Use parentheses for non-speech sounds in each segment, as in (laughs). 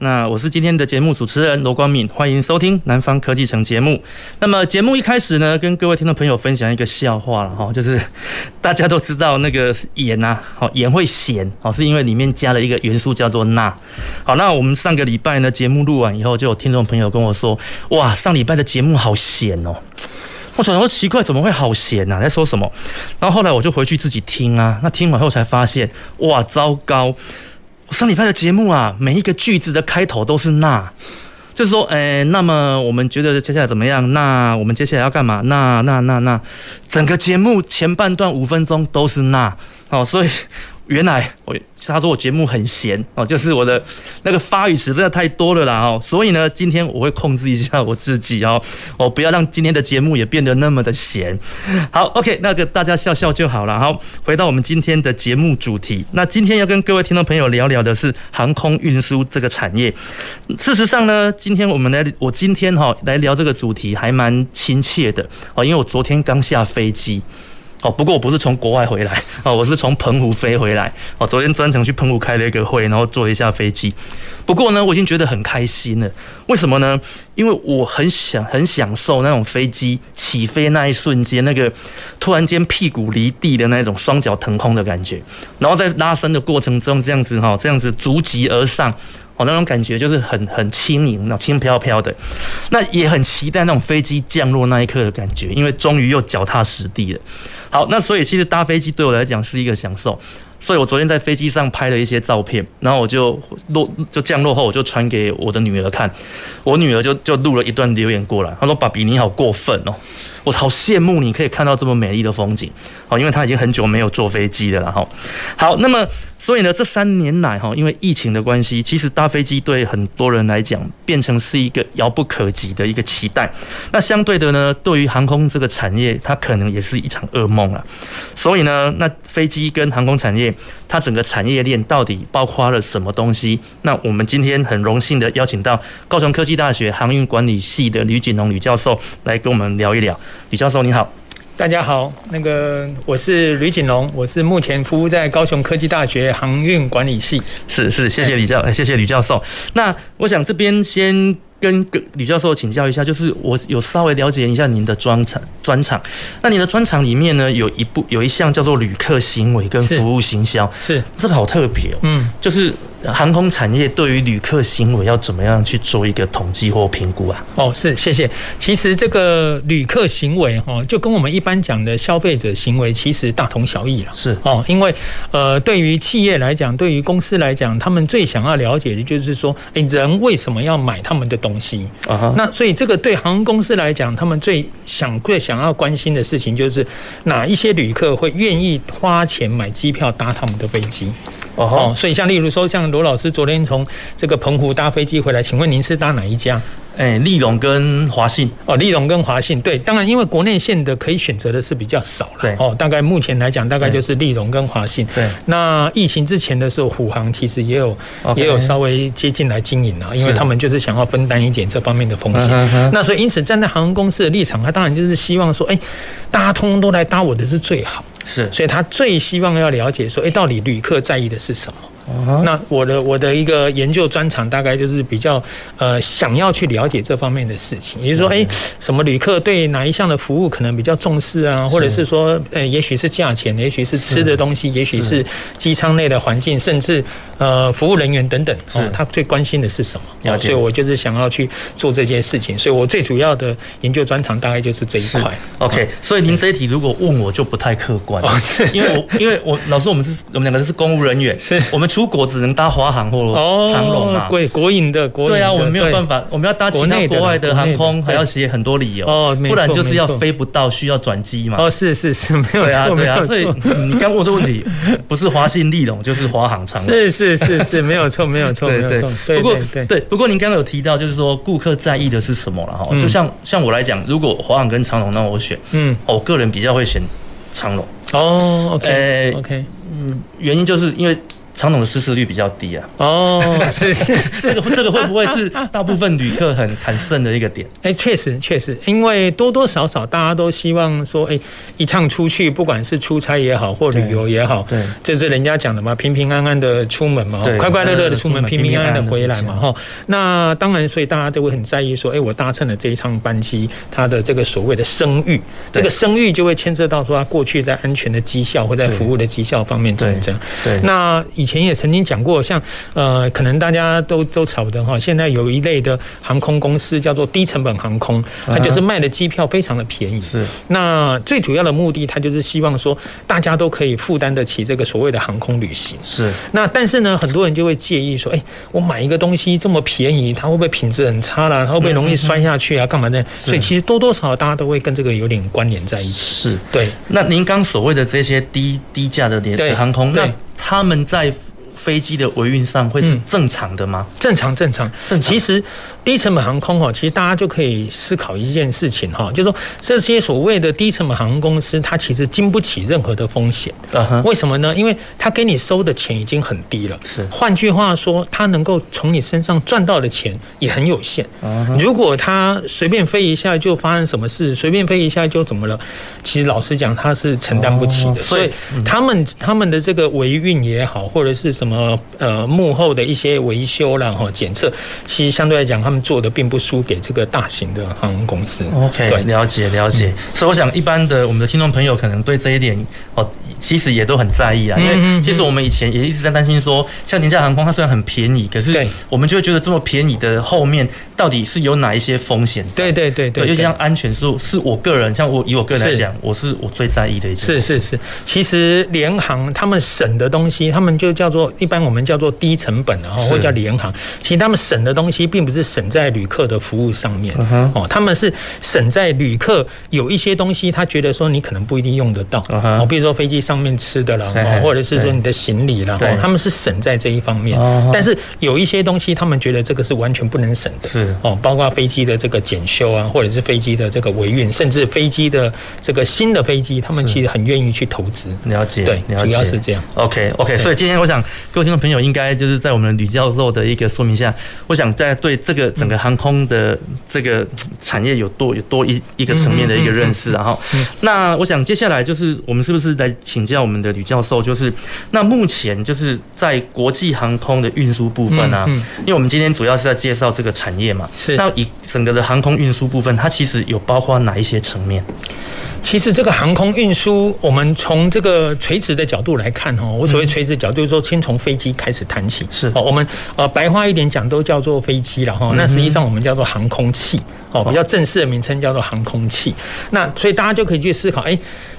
那我是今天的節目主持人羅光閔，歡迎收聽南方科技城節目。那麼節目一開始呢，跟各位聽眾朋友分享一個笑話了哈，就是大家都知道那個鹽啊，好鹽會鹹，好是因為裡面加了一個元素叫做鈉、嗯。好，那我們上個禮拜呢節目錄完以後，就有聽眾朋友跟我說，哇，上禮拜的節目好鹹哦。我想，想說奇怪，怎麼會好鹹啊？在說什麼？然後後來我就回去自己聽啊，那聽完後才發現，哇，糟糕。我上禮拜的節目啊，每一個句子的開頭都是那，就是說，哎，那麼我們覺得接下來怎麼樣？那我們接下來要幹嘛？那那那那，那，整個節目前半段五分鐘都是那，好，所以。原來我他說我節目很閒哦，就是我的那個發語詞真的太多了啦哦，所以呢，今天我會控制一下我自己哦，我不要讓今天的節目也變得那麼的閒。好，OK，那個大家笑笑就好了。好，回到我們今天的節目主題，那今天要跟各位聽眾朋友聊聊的是航空運輸這個產業。事實上呢，今天我們來我今天哈來聊這個主題還蠻親切的哦，因為我昨天剛下飛機。哦，不過我不是從國外回來，哦，我是從澎湖飛回來。哦，昨天專程去澎湖開了一個會，然後坐一下飛機。不過呢，我已經覺得很開心了。為什麼呢？因為我很享很享受那種飛機起飛那一瞬間，那個突然間屁股離地的那種雙腳騰空的感覺，然後在拉升的過程中，這樣子哈，這樣子逐級而上，哦，那種感覺就是很很輕盈，那輕飄飄的。那也很期待那種飛機降落那一刻的感覺，因為終於又腳踏實地了。好，那所以其實搭飛機對我來講是一個享受，所以我昨天在飛機上拍了一些照片，然後我就落就降落後我就傳給我的女兒看，我女兒就就錄了一段留言過來，她說：“爸比你好過分哦。”我好羨慕你，可以看到這麼美麗的風景。好，因為他已經很久沒有坐飛機了哈。好，那麼所以呢，這三年來哈，因為疫情的關係，其實搭飛機對很多人來講變成是一個遙不可及的一個期待。那相對的呢，對於航空這個產業，它可能也是一場噩夢了。所以呢，那飛機跟航空產業。它整個產業鏈到底包括了什麼東西？那我們今天很榮幸的邀請到高雄科技大學航運管理系的呂錦隆呂教授來跟我們聊一聊。呂教授你好。大家好，那個我是呂錦隆，我是目前服務在高雄科技大學航運管理系。是是，謝謝呂教，謝謝呂教、哎、教授。那我想這邊先。跟跟呂教授請教一下，就是我有稍微了解一下您的專長專長，那您的專長裡面呢，有一部有一項叫做旅客行為跟服務行銷，是，是這個好特別哦，喔，嗯，就是。航空產業對於旅客行為要怎麼樣去做一個統計或評估啊？哦，是，謝謝。其實這個旅客行為哈、哦，就跟我們一般講的消費者行為其實大同小異了。是哦，因為呃，對於企業來講，對於公司來講，他們最想要了解的就是說，誒，人為什麼要買他們的東西啊？Uh-huh. 那所以這個對航空公司來講，他們最想最想要關心的事情就是哪一些旅客會願意花錢買機票搭他們的飛機。哦，所以像例如說，像羅老師昨天從這個澎湖搭飛機回來，請問您是搭哪一家？哎、欸，立榮跟華信。哦，立榮跟華信，對，當然因為國內線的可以選擇的是比較少了。哦，大概目前來講，大概就是立榮跟華信。對，那疫情之前的時候，虎航其實也有也有稍微接近來經營啦、okay，因為他們就是想要分擔一點這方面的風險。那所以因此，站在航空公司的立場，他當然就是希望說，哎、欸，大家通通都來搭我的是最好。是，所以他最希望要了解說，哎、欸，到底旅客在意的是什麼？那我的我的一個研究專長大概就是比較，呃，想要去了解這方面的事情，也就是說，哎、欸，什麼旅客對哪一項的服務可能比較重視啊，或者是說，呃、欸，也許是價錢，也許是吃的東西，也許是機艙內的環境，甚至呃服務人員等等，他最關心的是什麼？啊、哦哦，所以我就是想要去做這件事情，所以我最主要的研究專長大概就是這一塊。OK，、嗯、所以您這一題如果問我就不太客觀了，哦，是因為我因為我 (laughs) 老師，我們是我們兩個人是公務人員，是我們。如果只能搭華航或者長榮嘛、啊哦？國國營的、的，對啊，我們沒有辦法，我們要搭其他國外的航空，還要寫很多理由，不然就是要飛不到，需要轉機嘛、哦、嘛。哦，是是是，沒有錯、啊啊，沒啊，所以、嗯、你剛問的問題， (laughs) 不是華信立榮就是華航長榮。是是是是，沒有錯， (laughs) 沒有錯，沒有錯。不過對、對、對、對、對不過您剛剛有提到，就是說顧客在意的是什麼了哈、嗯？就像像我來講，如果華航跟長榮，那我選嗯，我個人比較會選長榮。哦，OK，OK，、okay, 欸 okay, okay. 嗯，原因就是因為。傳統的失事率比較低啊。哦，是是，是，這個這個會不會是大部分旅客很很慎的一個點？哎、啊，確實確實，因為多多少少大家都希望說，哎、欸，一趟出去，不管是出差也好，或旅遊也好，對，這是人家講的嘛，平平安安的出門嘛，對，快快樂樂的出門，平平安安的回來嘛，哈。那當然，所以大家就會很在意說，哎、欸，我搭乘了這一趟班機，他的這個所謂的聲譽，這個聲譽就會牽涉到說，他過去在安全的績效或在服務的績效方面怎樣，對，對那以。以前也曾經講過，像呃，可能大家都都曉得哈，現在有一類的航空公司叫做低成本航空，它就是賣的機票非常的便宜。是、uh -huh.。那最主要的目的，它就是希望說大家都可以負擔得起這個所謂的航空旅行。是。那但是呢，很多人就會介意說，哎、欸，我買一個東西這麼便宜，它會不會品質很差了、啊？它會不會容易摔下去啊？幹嘛這樣？Uh -huh. 所以其實多多少少大家都會跟這個有點關聯在一起。是。對。那您剛所謂的這些低低價的廉航空，對他們在。飛機的維運上會是正常的嗎？嗯、正常，正常，正常。其實低成本航空哈，其實大家就可以思考一件事情哈，就是、說這些所謂的低成本航空公司，它其實經不起任何的風險。Uh -huh. 為什麼呢？因為它給你收的錢已經很低了。是。換句話說，它能夠從你身上賺到的錢也很有限。Uh -huh. 如果它隨便飛一下就發生什麼事，隨便飛一下就怎麼了？其實老實講，它是承擔不起的。Uh -huh. 所以、嗯、他們他們的這個維運也好，或者是什麼。呃呃，幕後的一些維修然後檢測，其實相對來講，他們做的並不輸給這個大型的航空公司。對 OK，對，了解了解，嗯。所以我想，一般的我們的聽眾朋友可能對這一點哦，喔，其實也都很在意啊，嗯嗯嗯嗯。因為其實我們以前也一直在擔心說，像廉價航空，它雖然很便宜，可是我們就會覺得這麼便宜的後面到底是有哪一些風險？對對對對，對，對，對，就像安全是是我個人，像我以我個人來講，我是我最在意的一件事。是是是，其實聯航他們省的東西，他們就叫做。一般我們叫做低成本啊，或者叫廉航，其實他們省的東西並不是省在旅客的服務上面哦，uh -huh. 他們是省在旅客有一些東西，他覺得說你可能不一定用得到，比、uh -huh. 如說飛機上面吃的啦，uh -huh. 或者是說你的行李啦，uh -huh. 他們是省在這一方面。Uh -huh. 但是有一些東西，他們覺得這個是完全不能省的，是哦，包括飛機的這個檢修啊，或者是飛機的這個維運，甚至飛機的這個新的飛機，他們其實很願意去投資。了解，對，了解，主要是這樣。OK，OK，、okay, okay, 所以今天我想。各位聽眾朋友，應該就是在我們呂教授的一個說明下，我想在對這個整個航空的這個產業有多有多一一個層面的一個認識。然後，那我想接下來就是我們是不是來請教我們的呂教授，就是那目前就是在國際航空的運輸部分啊，因為我們今天主要是在介紹這個產業嘛，是那以整個的航空運輸部分，它其實有包括哪一些層面？其實這個航空運輸，我們從這個垂直的角度來看哈，我所謂垂直角度，就是說先從飛機開始談起。是哦，我們呃白話一點講都叫做飛機了哈。那實際上我們叫做航空器哦，比較正式的名稱叫做航空器。那所以大家就可以去思考，哎。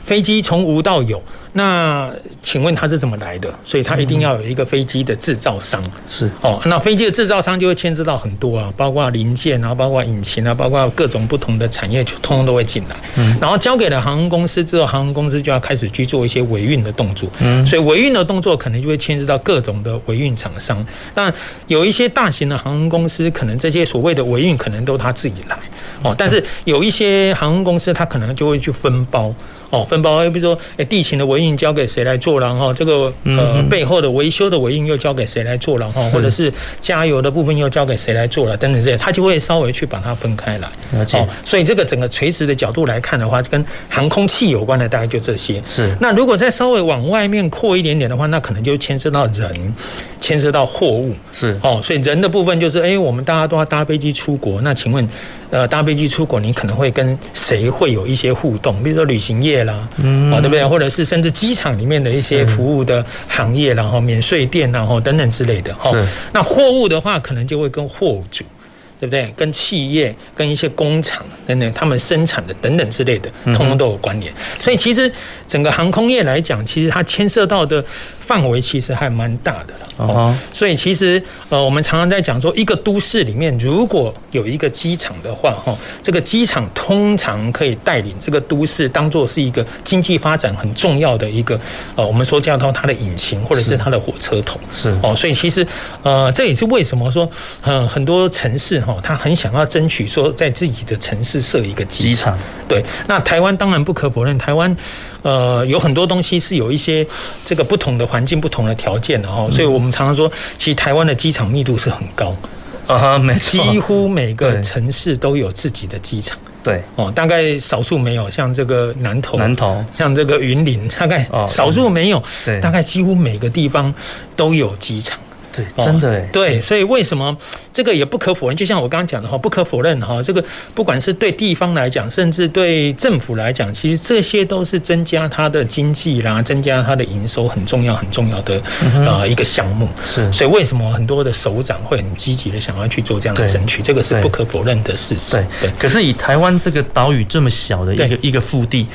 飛機從無到有，那請問它是怎麼來的？所以它一定要有一個飛機的製造商，是哦。那飛機的製造商就會牽涉到很多啊，包括零件，然後包括引擎啊，包括各種不同的產業，就通通都會進來。嗯。然後交給了航空公司之後，航空公司就要開始去做一些維運的動作。嗯。所以維運的動作可能就會牽涉到各種的維運廠商。那有一些大型的航空公司，可能這些所謂的維運可能都他自己來哦。但是有一些航空公司，他可能就會去分包。哦，分包，比如說、欸、地勤的維運交給誰來做，然後、哦、這個呃背後的維修的維運又交給誰來做，然後、哦、或者是加油的部分又交給誰來做了等等這些，他就會稍微去把它分開來了。哦，所以這個整個垂直的角度來看的話，跟航空器有關的大概就這些。是。那如果再稍微往外面擴一點點的話，那可能就牽涉到人，牽涉到貨物。是。哦，所以人的部分就是，哎、欸，我們大家都要搭飛機出國。那請問，呃，搭飛機出國，你可能會跟誰會有一些互動？比如說，旅行業。啦，嗯，對不對？或者是甚至機場裡面的一些服務的行業，然後免稅店、啊，然後等等之類的，哈。那貨物的話，可能就會跟貨主，對不對？跟企業、跟一些工廠等等，他們生產的等等之類的，通通都有關聯。嗯、所以，其實整個航空業來講，其實它牽涉到的。範圍其實還蠻大的了，哦，所以其實呃，我們常常在講說，一個都市裡面如果有一個機場的話，哈，這個機場通常可以帶領這個都市當做是一個經濟發展很重要的一個呃，我們說叫到它的引擎或者是它的火車頭，是哦，所以其實呃，這也是為什麼說嗯，很多城市哈，他很想要爭取說在自己的城市設一個機場，對，那台灣當然不可否認，台灣。呃，有很多東西是有一些這個不同的環境、不同的條件的哦。所以我們常常說，嗯、其實台灣的機場密度是很高，啊哈，沒錯，幾乎每個城市都有自己的機場，對，哦，大概少數沒有，像這個南投，南投，像這個雲林，大概少數沒有、哦，對，大概幾乎每個地方都有機場。對，真的、欸、對，所以為什麼這個也不可否認？就像我剛剛講的哈，不可否認哈，這個不管是對地方來講，甚至對政府來講，其實這些都是增加它的經濟啦，增加它的營收，很重要很重要的啊一個項目。是，所以為什麼很多的首長會很積極的想要去做這樣的爭取？這個是不可否認的事實。對，對，可是以台灣這個島嶼這麼小的一個一個腹地。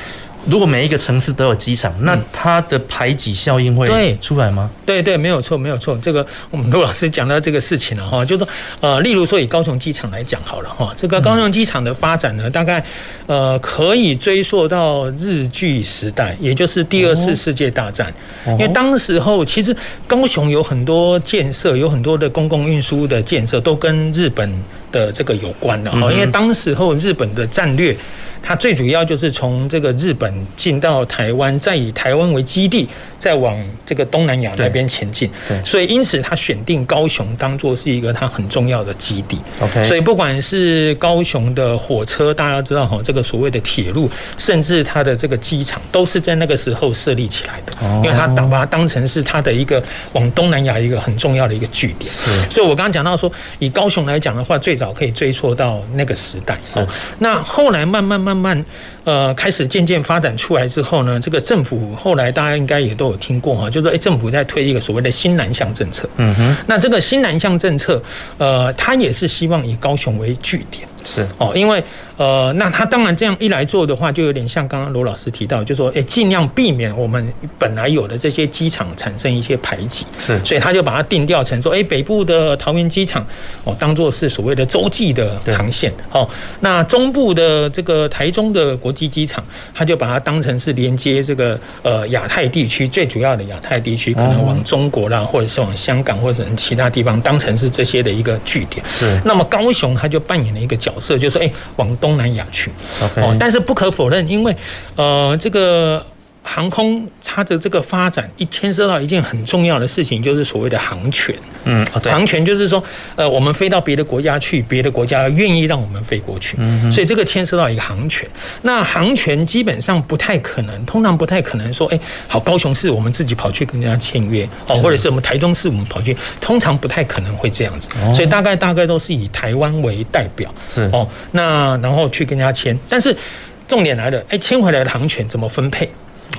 如果每一個城市都有機場，那它的排擠效應會出來嗎？嗯、對對，對，沒有錯，沒有錯。這個我們呂老師講到這個事情了哈，就是呃，例如說以高雄機場來講好了哈，這個高雄機場的發展呢，嗯、大概呃可以追溯到日據時代，也就是第二次世界大戰，哦、因為當時候其實高雄有很多建設，有很多的公共運輸的建設都跟日本的這個有關的哈、嗯，因為當時候日本的戰略。它最主要就是從這個日本進到台灣，再以台灣為基地，再往這個東南亞那邊前進。對，所以因此他選定高雄當做是一個他很重要的基地。OK，所以不管是高雄的火車，大家知道哈，這個所謂的鐵路，甚至它的這個機場，都是在那個時候設立起來的。哦，因為他當把它當成是他的一個往東南亞一個很重要的一個據點。是，所以我剛剛講到說，以高雄來講的話，最早可以追溯到那個時代。哦，那後來慢慢慢慢。慢，慢，慢呃，開始漸漸發展出來之後呢，這個政府後來大家應該也都有聽過哈，就是哎、欸，政府在推一個所謂的“新南向”政策。嗯哼，那這個“新南向”政策，呃，它也是希望以高雄為據點。是哦，因為呃，那他當然這樣一來做的話，就有點像剛剛羅老師提到，就說哎，欸，盡量避免我們本來有的這些機場產生一些排擠。是，所以他就把它定調成說，哎、欸，北部的桃園機場哦，當做是所謂的洲際的航線。哦，那中部的這個台中的國際機場，他就把它當成是連接這個呃亞太地區最主要的亞太地區，哦，可能往中國啦，或者是往香港或者是其他地方，當成是這些的一個據點。是，那麼高雄他就扮演了一個角度。就是、欸、往東南亞去、okay.，但是不可否認，因為，呃，這個。航空它的這個發展，一牽涉到一件很重要的事情，就是所謂的航權。嗯，航權就是說，呃，我們飛到別的國家去，別的國家願意讓我們飛過去。嗯，所以這個牽涉到一個航權。那航權基本上不太可能，通常不太可能說，哎，好，高雄市我們自己跑去跟人家簽約，哦，或者是我們台中市我們跑去，通常不太可能會這樣子。所以大概大概都是以台灣為代表，是哦，那然後去跟人家簽。但是重點來了，哎，簽回來的航權怎麼分配？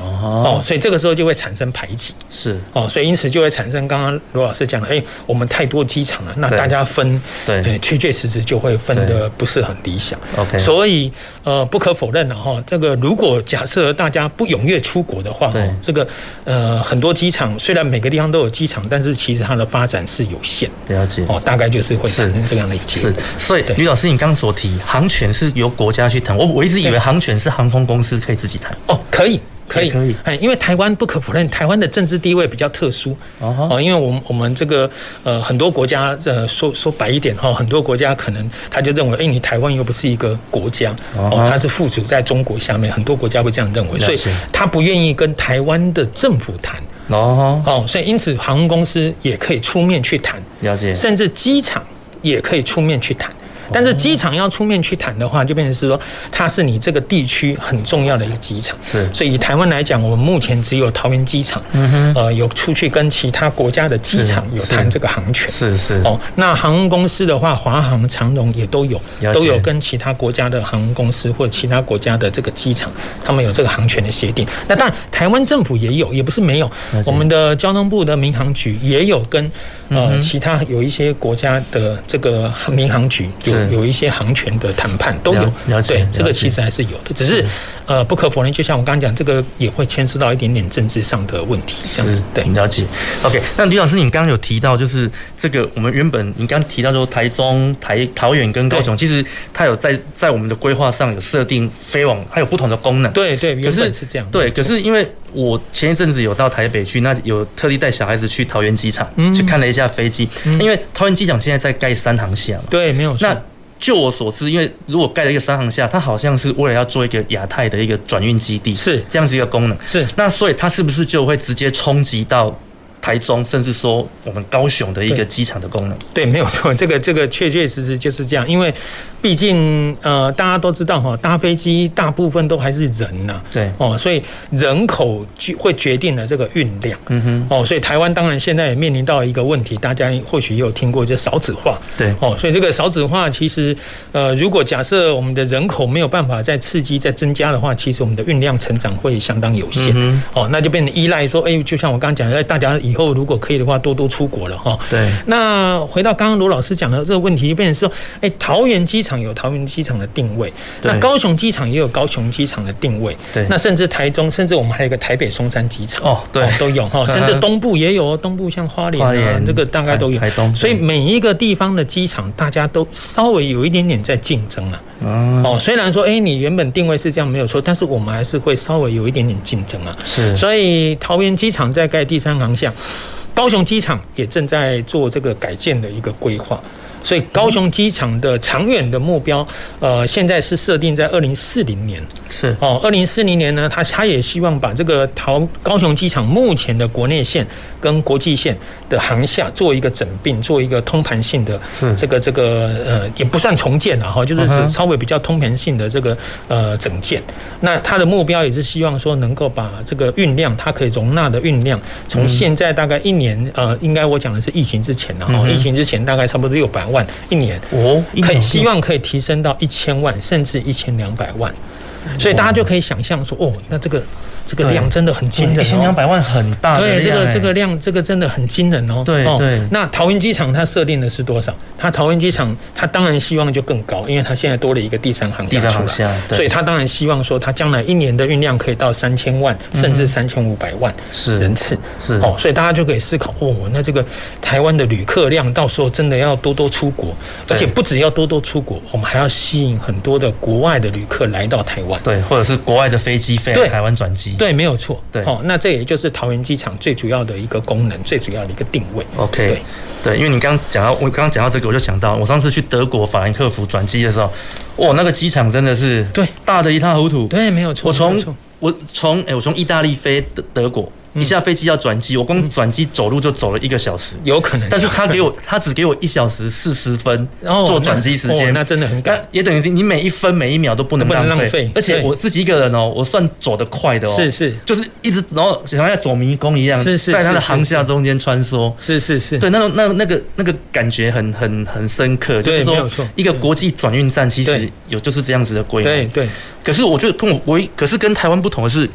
哦哦，所以這個時候就會產生排擠，是哦，所以因此就會產生剛剛羅老師講的，哎、欸，我們太多機場了，那大家分對，確確實實就會分得不是很理想。OK，所以呃不可否認了哈、喔，這個如果假設大家不踴躍出國的話，喔、這個呃很多機場雖然每個地方都有機場，但是其實它的發展是有限，了解哦、喔，大概就是會產生這樣的一些是，是。所以呂老師你剛剛所提航權是由國家去談，我我一直以為航權是航空公司可以自己談，哦可以。可以可以，因為台灣不可否認，台灣的政治地位比較特殊。Uh -huh. 因為我們我們這個呃很多國家呃說說白一點哈，很多國家可能他就認為，哎、欸，你台灣又不是一個國家，哦、uh -huh.，他是附屬在中國下面，很多國家會這樣認為，uh -huh. 所以他不願意跟台灣的政府談。哦、uh -huh.，所以因此航空公司也可以出面去談，了解，甚至機場也可以出面去談。Uh -huh. 但是機場要出面去談的話，就變成是說它是你這個地區很重要的一個機場。是，所以台灣來講，我們目前只有桃園機場，嗯哼，呃，有出去跟其他國家的機場有談這個航權。是是。是是。哦，那航空公司的話，華航、長榮也都有，都有跟其他國家的航空公司或其他國家的這個機場，他們有這個航權的協定。那當然，台灣政府也有，也不是沒有，我們的交通部的民航局也有跟呃其他有一些國家的這個民航局。有一些航權的談判都有，了了解。這個其實還是有的。只是,是呃，不可否認，就像我剛剛講，這個也會牽涉到一點點政治上的問題。這樣子，對，了解。OK，那呂老師，你剛剛有提到，就是這個我們原本你剛剛提到說，台中、台桃園跟高雄，其實它有在在我們的規劃上有設定飛往，它有不同的功能。對對，原本是這樣。對，對對可是因為。我前一陣子有到台北去，那有特地帶小孩子去桃園機場、嗯、去看了一下飛機、嗯，因為桃園機場現在在蓋三航廈嘛。對，沒有錯。那就我所知，因為如果蓋了一個三航廈，它好像是為了要做一個亞太的一個轉運基地，是這樣子一個功能。是。那所以它是不是就會直接衝擊到？台中，甚至說我們高雄的一個機場的功能對，對，沒有錯，這個這個確確實實就是這樣，因為畢竟呃大家都知道哈，搭飛機大部分都還是人吶、啊，對，哦，所以人口就會決定了這個運量，嗯哼，哦，所以台灣當然現在也面臨到一個問題，大家或許也有聽過，就少子化，對，哦，所以這個少子化其實呃如果假設我們的人口沒有辦法再刺激再增加的話，其實我們的運量成長會相當有限，嗯哼哦，那就變得依賴說，哎、欸，就像我剛剛講的，大家以以後如果可以的話，多多出國了哈。對。那回到剛剛羅老師講的這個問題，就變成說，哎、欸，桃園機場有桃園機場的定位，那高雄機場也有高雄機場的定位，對，那甚至台中，甚至我們還有一個台北松山機場，哦、喔，對，都有哈。甚至東部也有哦，東部像花蓮、啊，這個大概都有。台東。所以每一個地方的機場，大家都稍微有一點點在競爭了、啊。哦、嗯喔，雖然說，哎、欸，你原本定位是這樣沒有錯，但是我們還是會稍微有一點點競爭啊。是。所以桃園機場在蓋第三航廈。高雄機場也正在做這個改建的一個規劃。所以高雄機場的長遠的目標，呃，現在是設定在二零四零年。是哦，二零四零年呢，他他也希望把這個桃高雄機場目前的國內線跟國際線的航線做一個整併，做一個通盤性的。這個這個呃，也不算重建了哈，就是稍微比較通盤性的這個呃整建。那他的目標也是希望說，能夠把這個運量，它可以容納的運量，從現在大概一年呃，應該我講的是疫情之前呢，啊，疫情之前大概差不多六百萬。萬一年哦，可以希望可以提升到一千萬，甚至一千兩百萬，所以大家就可以想象說，哦，那這個。這個量真的很驚人、喔，一千兩百萬很大，欸，對這個這個量，這個真的很驚人哦、喔。對對，喔、那桃園機場它設定的是多少？它桃園機場它當然希望就更高，因為它現在多了一個第三航站出來，所以它當然希望說它將來一年的運量可以到三千萬，嗯，甚至三千五百萬人次。嗯、是哦、喔，所以大家就可以思考：哦，那這個台灣的旅客量到時候真的要多多出國，而且不只要多多出國，我們還要吸引很多的國外的旅客來到台灣，對，或者是國外的飛機飛來台灣轉機。對，沒有錯。對，好、哦，那這也就是桃園機場最主要的一個功能，最主要的一個定位。OK，對，對，因為你剛剛講到，我剛剛講到這個，我就想到，我上次去德國法蘭克福轉機的時候，哇，那個機場真的是對大得一塌糊塗對。對，沒有錯。我從我從哎、欸，我從意大利飛德德國。一下飛機要轉機，我光轉機走路就走了一個小時，有可,有可能。但是他給我，他只給我一小時四十分，然後做轉機時間，那真的很趕，也等於是你每一分每一秒都不能浪費。而且我自己一個人哦，我算走得快的哦，是是，就是一直然後好像在走迷宮一樣是是是是是，在他的航下中間穿梭，是,是是是，對，那種那那個那個感覺很很很深刻，就是說一個國際轉運站其實有就是這樣子的規模，對對,對。可是我覺得通我,我，可是跟台灣不同的是。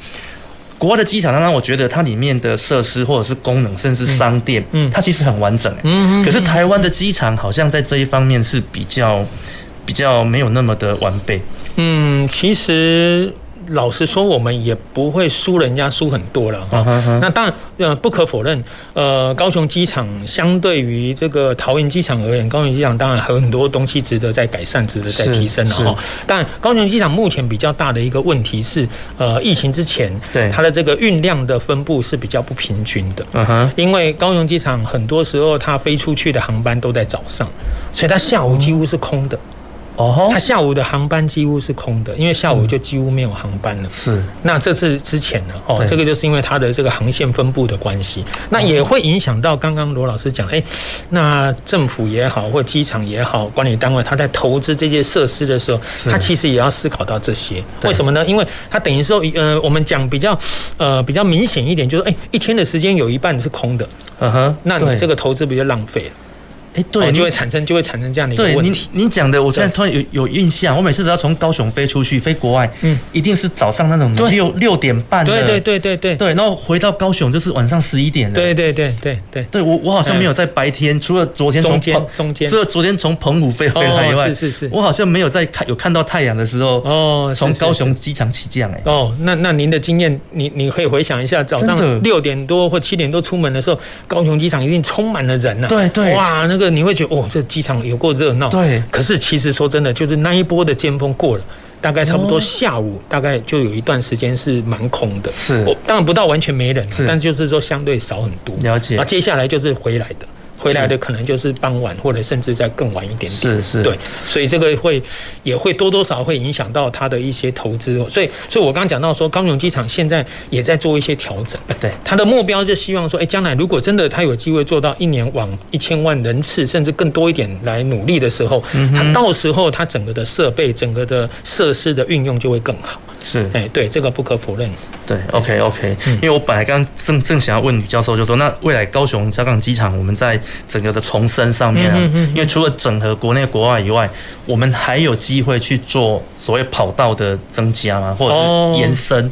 國外的機場，讓讓我覺得它裡面的設施或者是功能，甚至商店，嗯，嗯，它其實很完整耶，嗯。可是台灣的機場好像在這一方面是比較，比較沒有那麼的完備。嗯，其實。老實說，我們也不會輸人家輸很多了哈。那當然，呃，不可否認，呃，高雄機場相對於這個桃園機場而言，高雄機場當然很多東西值得再改善，值得再提升哈。但高雄機場目前比較大的一個問題是，呃，疫情之前，對它的這個運量的分布是比較不平均的。嗯哼，因為高雄機場很多時候它飛出去的航班都在早上，所以它下午幾乎是空的。嗯。它下午的航班幾乎是空的，因為下午就幾乎沒有航班了。嗯、是，那這是之前呢哦，這個就是因為它的這個航線分布的關係，那也會影響到剛剛羅老師講，誒、欸。那政府也好，或機場也好，管理單位他在投資這些設施的時候，他其實也要思考到這些，為什麼呢？因為他等於說，呃，我們講比較，呃，比較明顯一點，就是誒、欸，一天的時間有一半是空的，嗯哼，那你這個投資比較浪費。哎、欸，對、喔你，就會產生就會產生這樣的一個問題。對你你講的，我現在突然有有印象。我每次只要從高雄飛出去飛國外，嗯，一定是早上那種六六點半的，對對對對對對。然後回到高雄就是晚上十一點的對對對對對。對，我我好像沒有在白天，除了昨天中間，除了昨天從澎湖飛回來以外、哦，是是是。我好像沒有在看有看到太陽的時候，哦，從高雄機場起降哎、欸。哦，那那您的經驗，你你可以回想一下，早上六點多或七點多出門的時候，高雄機場一定充滿了人啊，對對、對，哇那個。這你會覺得哦，這機場有過熱鬧。對，可是其實說真的，就是那一波的尖峰過了，大概差不多下午，大概就有一段時間是蠻空的。是，我當然不到完全沒人啊，但就是說相對少很多。了解。接下來就是回來的。回來的可能就是傍晚，或者甚至再更晚一點點。是是，對，所以這個會也會多多少少會影響到他的一些投資。所以，所以我剛剛講到說，高雄機場現在也在做一些調整。對，他的目標就希望說，哎，將來如果真的他有機會做到一年往一千萬人次，甚至更多一點來努力的時候，他到時候他整個的設備、整個的設施的運用就會更好。是，哎，對，對，這個不可否認。對，對，對，OK，OK，、okay okay 嗯、因為我本來剛剛正正想要問呂教授，就說那未來高雄、小港機場，我們在整個的重生上面啊，因為除了整合國內國外以外，我們還有機會去做所謂跑道的增加嘛，或者是延伸、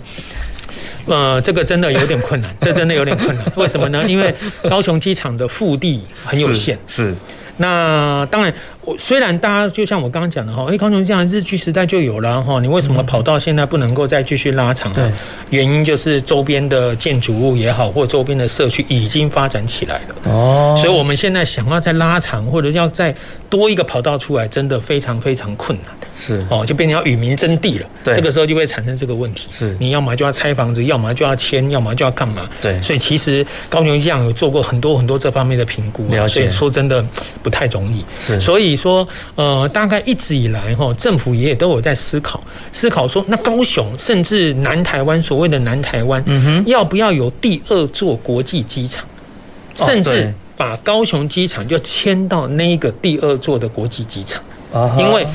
哦。呃，這個真的有點困難，這真的有點困難。 (laughs) 為什麼呢？因為高雄機場的腹地很有限。是，是。那當然。雖然大家就像我剛剛講的哈，誒、欸，高雄這樣日據時代就有了哈，你為什麼跑道現在不能夠再繼續拉長，啊？呢原因就是周邊的建築物也好，或周邊的社區已經發展起來了哦。所以我們現在想要再拉長，或者要再多一個跑道出來，真的非常非常困難。是哦，就變成要與民爭地了。對，這個時候就會產生這個問題。是，你要麼就要拆房子，要麼就要遷，要麼就要幹嘛？對。所以其實高雄這樣有做過很多很多這方面的評估，了解。對，所以說真的不太容易。是，所以，說，呃，大概一直以來哈，政府也都有在思考，思考說，那高雄甚至南台灣，所謂的南台灣，嗯哼，要不要有第二座國際機場，哦，甚至把高雄機場就遷到那個第二座的國際機場，哦，因為。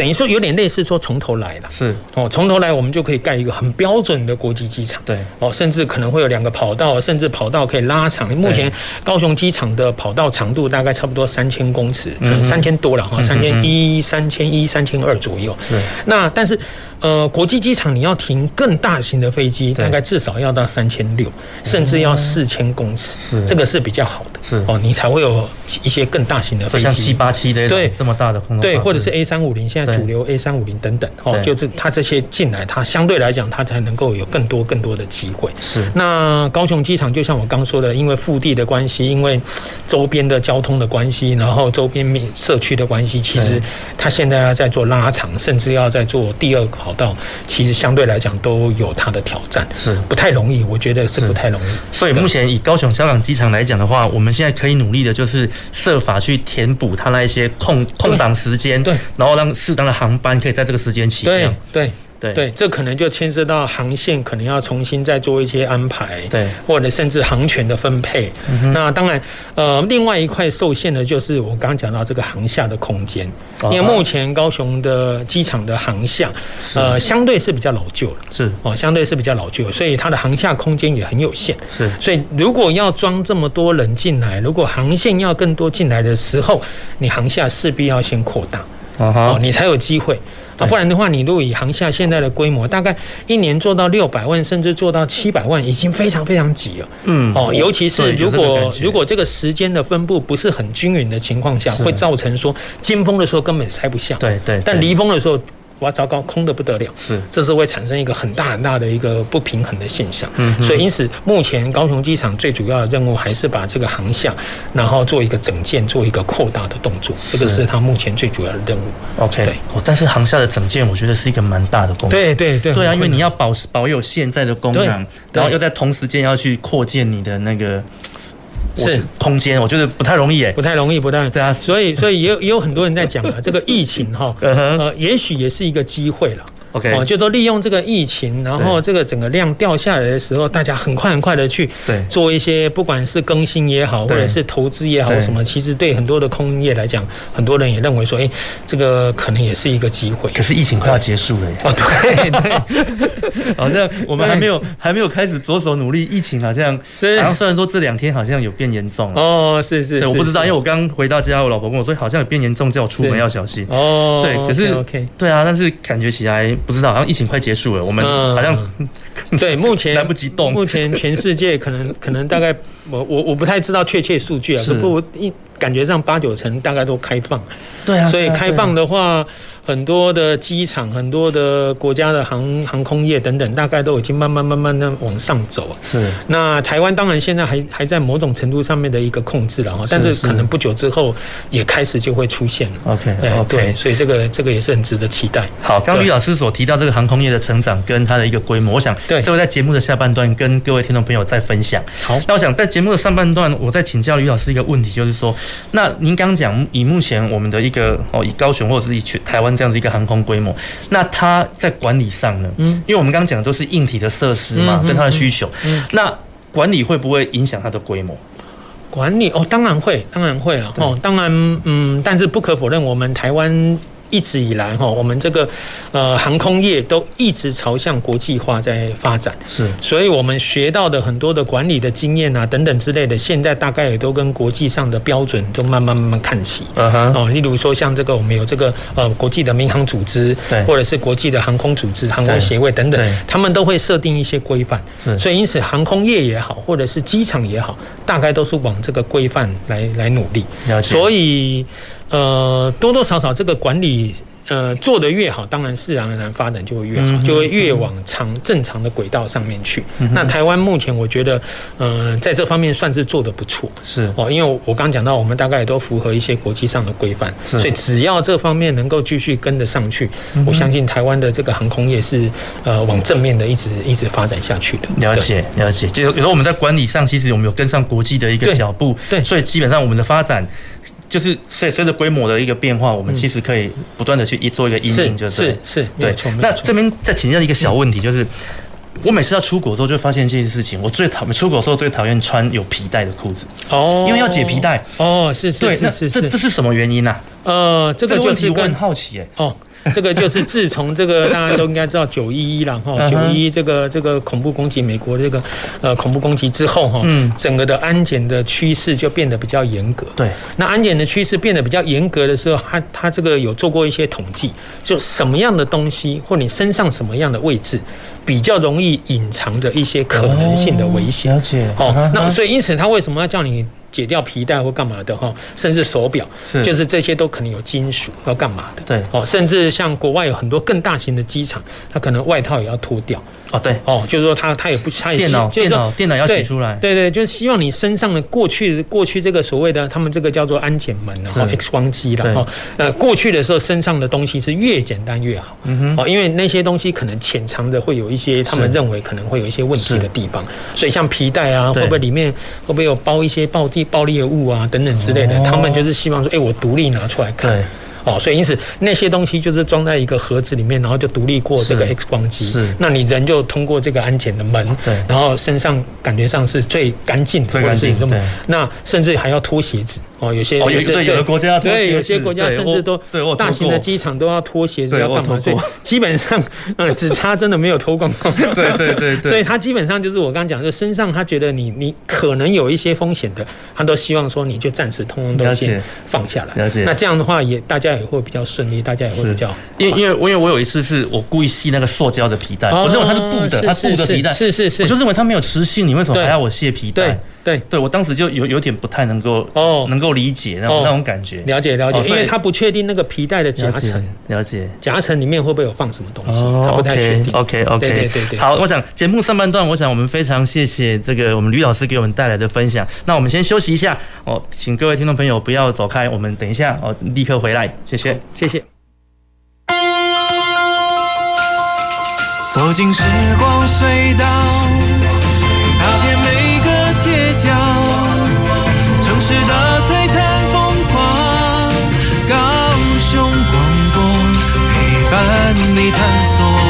等於說有點類似說從頭來了，是哦，從頭來我們就可以蓋一個很標準的國際機場，對哦，甚至可能會有兩個跑道，甚至跑道可以拉長。目前高雄機場的跑道長度大概差不多三千公尺，三千多了哈，三千一、三千一、三千二左右。對，那但是呃，國際機場你要停更大型的飛機，大概至少要到三千六，甚至要四千公尺，是，這個是比較好的，是哦，你才會有一些更大型的，飛機，像七八七的對這麼大的空，對，或者是 A 三五零現在。主流 A 三五零等等就是它這些進來，它相對來講，它才能夠有更多更多的機會。是。那高雄機場就像我剛說的，因為腹地的關係，因為周邊的交通的關係，然後周邊社區的關係，其實它現在要在做拉長，甚至要在做第二個跑道，其實相對來講都有它的挑戰，是不太容易。我覺得是不太容易。所以目前以高雄小港機場來講的話，我們現在可以努力的就是設法去填補它那一些空空檔時間，對，然後讓。當然，航班可以在這個時間起。對對對，這可能就牽涉到航線，可能要重新再做一些安排。對，或者甚至航權的分配。嗯、那當然，呃，另外一塊受限的，就是我剛剛講到這個航廈的空間、哦。因為目前高雄的機場的航廈、哦，呃是，相對是比較老舊了，是哦，相對是比較老舊，所以它的航廈空間也很有限。是，所以如果要裝這麼多人進來，如果航線要更多進來的時候，你航廈勢必要先擴大。哦，你才有機會，啊，不然的話，你如果以航廈現在的規模，大概一年做到六百萬，甚至做到七百萬，已經非常非常擠了。嗯，哦，尤其是如果如果這個時間的分布不是很均勻的情況下，會造成說尖峰的時候根本塞不下。對對，但離峰的時候。哇，糟糕，空的不得了。是，這是會產生一個很大很大的一個不平衡的現象。嗯，所以因此，目前高雄機場最主要的任務還是把這個航廈，然後做一個整建，做一個擴大的動作。這個是它目前最主要的任務。OK，對。哦，但是航廈的整建，我覺得是一個蠻大的工程。對對對。對啊，因為你要保保有現在的功能，然後又在同時間要去擴建你的那個。是空間，我覺得不太容易，哎，不太容易，不太容易，對啊，所以，所以也有也有很多人在講啊 (laughs) 這個疫情哈、啊，呃，也許也是一個機會了。OK，哦，就說利用這個疫情，然後這個整個量掉下來的時候，大家很快很快的去做一些，不管是更新也好，或者是投資也好，什麼，其實對很多的空業來講，很多人也認為說，哎、欸，這個可能也是一個機會。可是疫情快要結束了哦，對對， (laughs) 好像我們還沒有還沒有開始着手努力，疫情好像雖然雖然說這兩天好像有變嚴重哦、oh，是是，我不知道，是是因為我剛回到家，我老婆跟我說，好像有變嚴重，叫我出門要小心哦。Oh, 對，okay, 可是 OK，對啊，但是感覺起來。不知道，好像疫情快結束了，我們好像、嗯、對目前來 (laughs) 不及動。目前全世界可能可能大概， (laughs) 我我我不太知道確切數據啊，是不過一感覺上八九成大概都開放、啊對啊對啊。對啊，所以開放的話。很多的機場，很多的國家的航航空業等等，大概都已經慢慢慢慢的往上走。是。那台灣當然現在還還在某種程度上面的一個控制了哈、喔，但是可能不久之後也開始就會出現了。OK，OK、okay, okay。所以這個這個也是很值得期待。好，剛剛呂老師所提到這個航空業的成長跟它的一個規模，我想對，這會在節目的下半段跟各位聽眾朋友再分享。好，那我想在節目的上半段，我再請教呂老師一個問題，就是說，那您剛講以目前我們的一個哦，以高雄或者是以全台灣。這樣子一個航空規模，那它在管理上呢？嗯，因為我們剛剛講的都是硬體的設施嘛，跟、嗯、它的需求嗯。嗯，那管理會不會影響它的規模？管理哦，當然會，當然會啊、哦。哦，當然，嗯，但是不可否認，我們台灣，一直以來，哈，我們這個呃航空業都一直朝向國際化在發展，是，所以，我們學到的很多的管理的經驗啊，等等之類的，現在大概也都跟國際上的標準都慢慢慢慢看齊，嗯哼，哦，例如說像這個，我們有這個呃國際的民航組織，對，或者是國際的航空組織、航空協會等等，他們都會設定一些規範，所以，因此，航空業也好，或者是機場也好，大概都是往這個規範來來努力，所以。呃，多多少少這個管理呃做得越好，當然是自然而然發展就會越好，嗯、就會越往長、嗯、正常的軌道上面去。嗯、那台灣目前我覺得，呃，在這方面算是做得不錯，是哦，因為我剛講到，我們大概也都符合一些國際上的規範，所以只要這方面能夠繼續跟得上去，我相信台灣的這個航空業是呃往正面的一直一直發展下去的。了解了解，就是有時候我們在管理上其實我們有跟上國際的一個腳步，對，所以基本上我們的發展。就是，所以隨着規模的一個變化，我們其實可以不斷的去一做一個陰影。就對對是,是是對。那這邊再請教一個小問題，就是我每次要出國的時候就發現這件事情，我最討出國的時候最討厭穿有皮帶的褲子哦，因為要解皮帶哦，謝謝。是，是,是，這這是什麼原因呢？呃，這個問題我很好奇哎、欸呃、哦。 (laughs) 這個就是自從這個大家都應該知道九一一了哈，九一一這個這個恐怖攻擊美國這個呃恐怖攻擊之後哈，嗯，整個的安檢的趨勢就變得比較嚴格。對，那安檢的趨勢變得比較嚴格的時候，他他這個有做過一些統計，就什麼樣的東西或你身上什麼樣的位置比較容易隱藏着一些可能性的危險。了解哦，那所以因此他為什麼要叫你？解掉皮帶或幹嘛的哈，甚至手錶，就是這些都可能有金屬要幹嘛的，對，哦，甚至像國外有很多更大型的機場，它可能外套也要脫掉，哦，對，哦，就是說它它也不拆電腦電腦電腦要取出來，對對，對，就是希望你身上的過去過去這個所謂的他們這個叫做安檢門然後 X 光機的哈，呃，過去的時候身上的東西是越簡單越好，嗯哼，哦，因為那些東西可能潛藏著會有一些他們認為可能會有一些問題的地方，所以像皮帶啊，會不會裡面會不會有包一些爆彈？暴力的物啊等等之類的，他們就是希望說，哎、欸，我獨立拿出來看，哦，所以因此那些東西就是裝在一個盒子裡面，然後就獨立過這個 X 光機，那你人就通過這個安檢的門，對，然後身上感覺上是最乾淨，乾淨，對，那甚至還要脫鞋子。哦，有些哦，有一個對有的國家對，有，國對有些國家甚至都大型的機場都要脫鞋子要幹嘛？基本上， (laughs) 呃，只差真的沒有脫光光。對對對、對所以他基本上就是我剛剛講，就身上他覺得你你可能有一些風險的，他都希望說你就暫時通通都先放下來。了解。那這樣的話也大家也會比較順利，大家也會比較。因因為因為我有一次是我故意繫那個塑膠的皮帶、哦，我認為它是布的，是是是它是布的皮帶，是是是，我就認為它沒有磁性，你為什麼還要我卸皮帶？對對對，我當時就有有點不太能夠哦，能夠。不理解那那種感覺、哦，了解了解，因為他不確定那個皮帶的夾層，了解夾層裡面會不會有放什麼東西，他、哦、不太確定。OK OK OK，對對,對對。好，我想節目上半段，我想我們非常謝謝這個我們呂老師給我們帶來的分享。那我們先休息一下哦、喔，請各位聽眾朋友不要走開，嗯、我們等一下哦、喔，立刻回來，謝謝謝謝。走進時光隧道，踏遍每個街角，城市的。你探索。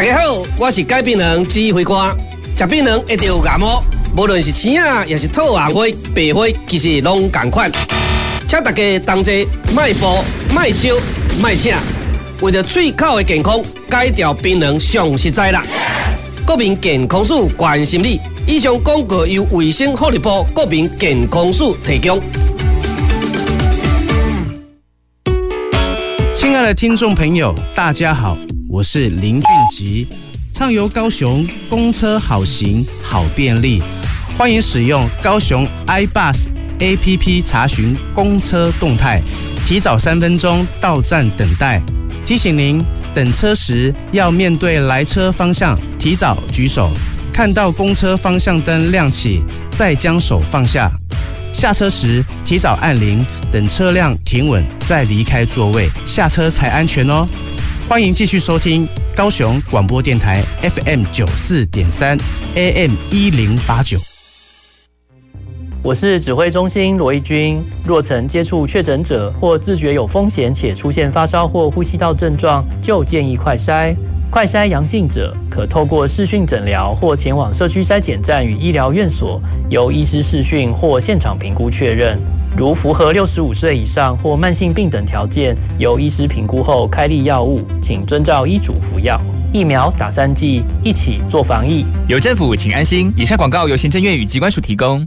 大家好，我是戒檳榔指揮官。食檳榔一定要戒麼？無論是青啊，也是透紅花、白花，其實攏同款。請大家同齊，邁步、邁招、邁請，為了口腔的健康，戒掉檳榔上實在啦。國民健康署關心你。以上廣告由衛生福利部國民健康署提供。親愛的聽眾朋友，大家好。我是林俊吉，暢遊高雄，公車好行好便利，歡迎使用高雄 iBus APP 查詢公車動態，提早三分鐘到站等待。提醒您，等車時要面對來車方向，提早舉手，看到公車方向燈亮起，再將手放下。下車時提早按鈴，等車輛停穩再離開座位下車才安全哦。歡迎繼續收聽高雄廣播電臺 FM 九四點三，AM 一零八九。我是指揮中心羅一鈞。若曾接觸確診者或自覺有風險且出現發燒或呼吸道症狀，就建議快篩。快篩陽性者可透過視訊診療或前往社區篩檢站與醫療院所，由醫師視訊或現場評估確認。如符合六十五歲以上或慢性病等條件，由醫師評估後開立藥物，請遵照醫囑服藥。疫苗打三劑，一起做防疫。有政府，請安心。以上廣告由行政院與疾管署提供。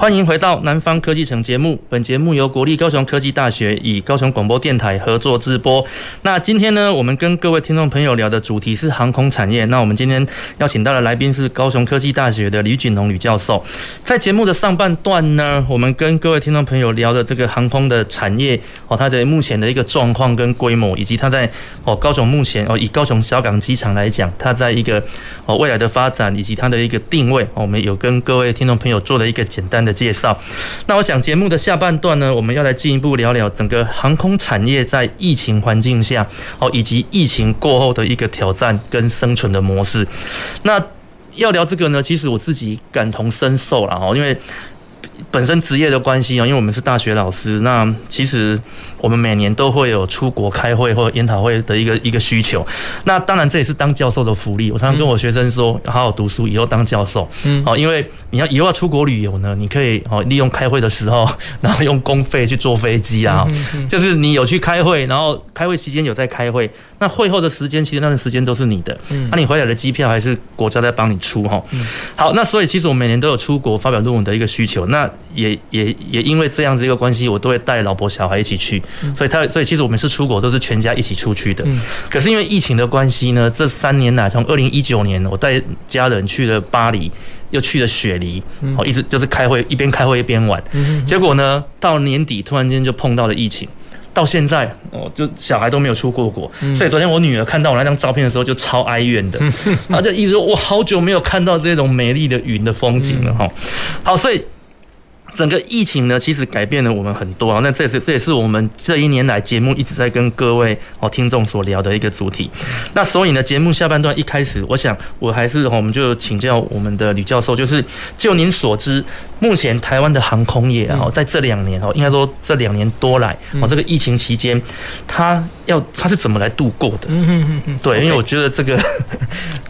歡迎回到《南方科技城》節目。本節目由國立高雄科技大學與高雄廣播電台合作制播。那今天呢，我們跟各位聽眾朋友聊的主題是航空產業。那我們今天邀請到的來賓是高雄科技大學的呂錦隆呂教授。在節目的上半段呢，我們跟各位聽眾朋友聊的這個航空的產業哦，它的目前的一個狀況跟規模，以及它在哦高雄目前哦以高雄小港機場來講，它在一個哦未來的發展以及它的一個定位。我們有跟各位聽眾朋友做了一個簡單的。的介紹。那我想節目的下半段呢，我們要來進一步聊聊整個航空產業在疫情環境下，哦，以及疫情過後的一個挑戰跟生存的模式。那要聊這個呢，其實我自己感同身受了哦，因為。本身職業的關係哦、喔，因為我們是大學老師，那其實我們每年都會有出國開會或研討會的一個一個需求。那當然這也是當教授的福利。我常常跟我學生說，好好讀書，以後當教授，嗯，好，因為你要以後要出國旅遊呢，你可以哦利用開會的時候，然後用公費去坐飛機啊，嗯嗯嗯，就是你有去開會，然後開會期間有在開會。那會後的時間，其實那段時間都是你的。嗯。那、啊、你回來的機票還是國家在幫你出哈。嗯。好，那所以其實我每年都有出國發表論文的一個需求。那也也也因為這樣子一個關係，我都會帶老婆小孩一起去。嗯。所以他所以其實我們是出國都是全家一起出去的。嗯。可是因為疫情的關係呢，這三年來從二零一九年，我帶家人去了巴黎，又去了雪梨，哦、嗯，一直就是開會，一邊開會一邊玩。嗯哼哼。結果呢，到年底突然間就碰到了疫情。到現在，哦，就小孩都沒有出過國，所以昨天我女兒看到我那張照片的時候，就超哀怨的，然後就一直說，我好久沒有看到這種美麗的雲的風景了哈。好，所以。整個疫情呢，其實改變了我們很多啊。那這也是這也是我們這一年來節目一直在跟各位好聽眾所聊的一個主題。那所以呢，節目下半段一開始，我想我還是我們就請教我們的呂教授，就是就您所知，目前台灣的航空業啊，在這兩年哦、嗯，應該說這兩年多來哦、嗯，這個疫情期間，他要他是怎麼來度過的？嗯嗯嗯。對，okay. 因為我覺得這個。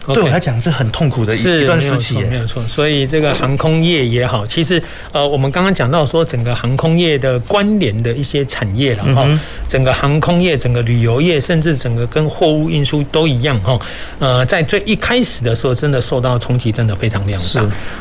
(laughs) 對我來講是很痛苦的一段時期，okay，沒有錯。所以這個航空業也好，其實呃，我們剛剛講到說，整個航空業的關聯的一些產業了哈，整個航空業、整個旅遊業，甚至整個跟貨物運輸都一樣哈。呃，在最一開始的時候，真的受到衝擊，真的非常量大。是。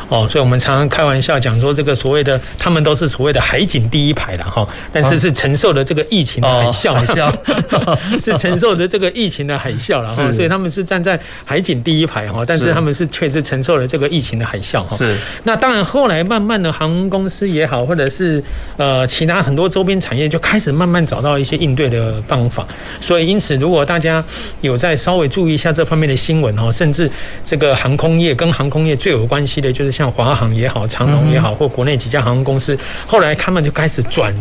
哦，所以我們常常開玩笑講說，這個所謂的他們都是所謂的海景第一排了哈，但是是承受的這個疫情的海嘯，啊哦、海 (laughs) (laughs) 是承受的這個疫情的海嘯，然後所以他們是站在海景第一排，一排哈，但是他們是確實承受了這個疫情的海嘯哈。是，那當然後來慢慢的航空公司也好，或者是呃其他很多周邊產業就開始慢慢找到一些應對的辦法。所以因此，如果大家有在稍微注意一下這方面的新聞哈，甚至這個航空業跟航空業最有關係的就是像華航也好、長榮也好，或國內幾家航空公司，嗯，後來他們就開始轉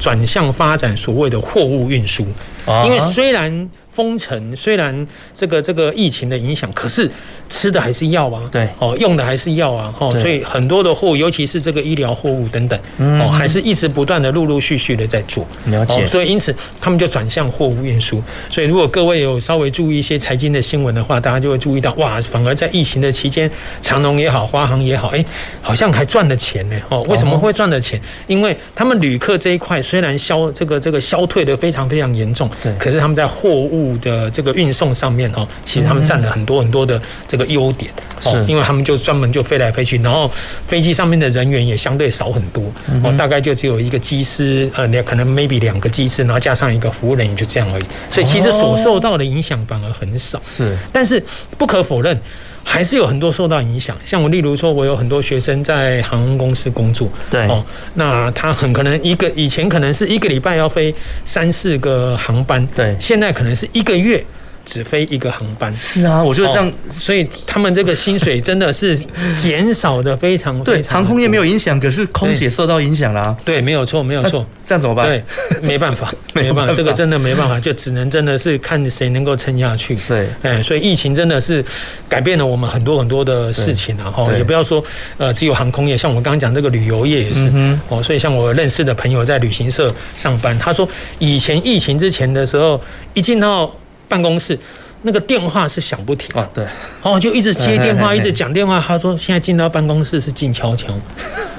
轉向發展所謂的貨物運輸，啊，因為雖然。封城雖然這個這個疫情的影響，可是吃的還是要啊，對哦，用的還是要啊，哦，所以很多的貨物，尤其是這個醫療貨物等等，哦，還是一直不斷的陸陸續續的在做，了解，所以因此他們就轉向貨物運輸。所以如果各位有稍微注意一些財經的新聞的話，大家就會注意到，哇，反而在疫情的期間，長榮也好，華航也好，哎，好像還賺了錢呢，哦，為什麼會賺了錢？因為他們旅客這一塊雖然消這個這個消退的非常非常嚴重，對，可是他們在貨物的這個運送上面哈，其實他們占了很多很多的這個優點是因為他們就專門就飛來飛去，然後飛機上面的人員也相對少很多，哦，大概就只有一個機師，呃，你可能 maybe 兩個機師，然後加上一個服務人員，就這樣而已。所以其實所受到的影響反而很少，是。但是不可否認。還是有很多受到影響，像我，例如說，我有很多學生在航空公司工作，對哦，那他很可能一個以前可能是一個禮拜要飛三四個航班，對，現在可能是一個月。只飛一個航班。是啊，我覺得這樣，所以他們這個薪水真的是減少的非常，非常對。航空業沒有影響，可是空姐受到影響了、啊，對。對，沒有錯，沒有錯、啊。這樣怎麼辦？對，沒辦法， (laughs) 沒辦法，這個真的沒辦法， (laughs) 就只能真的是看誰能夠撐下去。對，所以疫情真的是改變了我們很多很多的事情啊。吼，也不要說呃，只有航空業，像我們剛剛講這個旅遊業也是。哦、嗯，所以像我認識的朋友在旅行社上班，他說以前疫情之前的時候，一進到辦公室，那個電話是響不停啊，對，然後就一直接電話，一直講電話。他說現在進到辦公室是靜悄悄，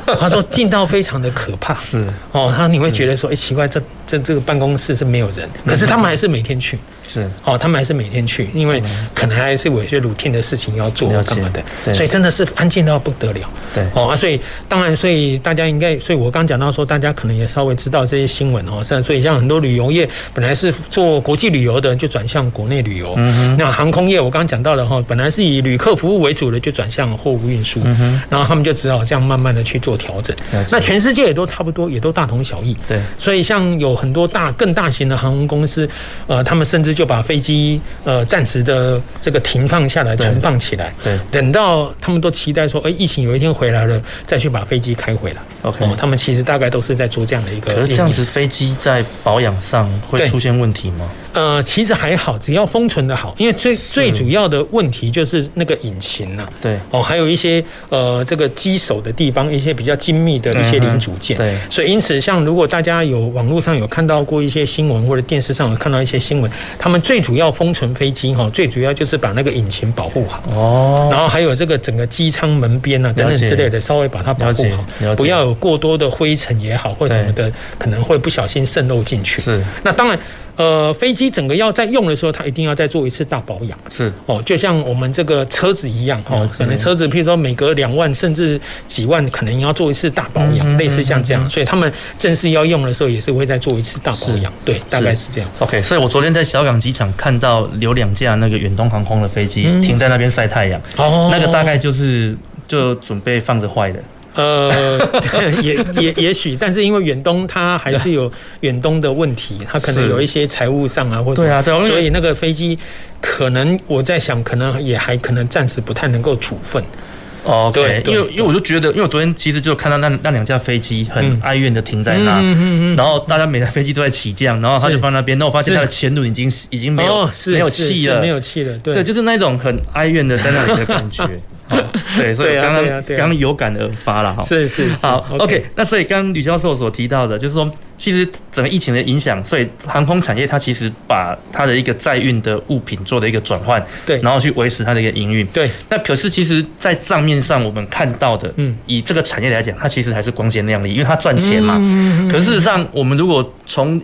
他說靜到非常的可怕。是哦，他你會覺得說，哎，奇怪，這這這個辦公室是沒有人，可是他們還是每天去。是哦，他們還是每天去，因為可能還是有一些 routine 的事情要做幹嘛的，所以真的是安靜到不得了。對哦，所以當然，所以大家應該，所以我剛講到說，大家可能也稍微知道這些新聞哦。像所以像很多旅遊業本來是做國際旅遊的，就轉向國內旅遊。嗯。嗯、那航空業我剛剛講到了哈、喔，本來是以旅客服務為主的，就轉向貨物運輸，嗯哼，然後他們就只好這樣慢慢的去做調整。那全世界也都差不多，也都大同小異。對，所以像有很多大更大型的航空公司，呃，他們甚至就把飛機呃暫時的這個停放下來，存放起來，對，對，等到他們都期待說，哎，疫情有一天回來了，再去把飛機開回來。OK，、嗯、他們其實大概都是在做這樣的一個。可是這樣子飛機在保養上會出現問題嗎？呃，其實還好，只要封存的。因為最最主要的問題就是那個引擎吶，對哦，還有一些呃這個機首的地方，一些比較精密的一些零組件，對，所以因此像如果大家有網絡上有看到過一些新聞，或者電視上有看到一些新聞，他們最主要封存飛機哈，最主要就是把那個引擎保護好哦，然後還有這個整個機艙門邊吶等等之類的，稍微把它保護好，不要有過多的灰塵也好或什麼的，可能會不小心滲漏進去。是，那當然。呃，飛機整個要在用的時候，它一定要再做一次大保養。是哦，就像我們這個車子一樣哦，可能車子，譬如說每隔兩萬甚至幾萬，可能要做一次大保養，嗯，類似像這樣，嗯嗯嗯。所以他們正式要用的時候，也是會再做一次大保養。對，大概是這樣是。OK，所以我昨天在小港機場看到有兩架那個遠東航空的飛機，嗯、停在那邊曬太陽，哦，那個大概就是就準備放着壞的。呃， (laughs) 也也也許，但是因為遠東它還是有遠東的問題，它可能有一些財務上啊，是或者對啊對，所以那個飛機可能我在想，可能也還可能暫時不太能夠處分。哦，對，因為因為我就覺得，因為我昨天其實就看到那那兩架飛機很哀怨的停在那，嗯、然後大家每台飛機都在起降、嗯，然後他就放那邊，那我發現他的前輪已經已經沒有沒有氣了，沒有氣了，有了對，對，就是那種很哀怨的在那裡的感覺。 (laughs) 好 (laughs) 對，所以剛剛剛剛有感而發了哈，是是，是好，OK。那所以剛剛呂教授所，所提到的，就是說，其實整個疫情的影響，所以航空產業它其實把它的一個載運的物品做了一個轉換，對，然後去維持它的一個營運，對。那可是其實，在賬面上我們看到的，嗯，以這個產業來講，它其實還是光鮮亮麗，因為它賺錢嘛。嗯 (laughs) 可是事實上，我們如果從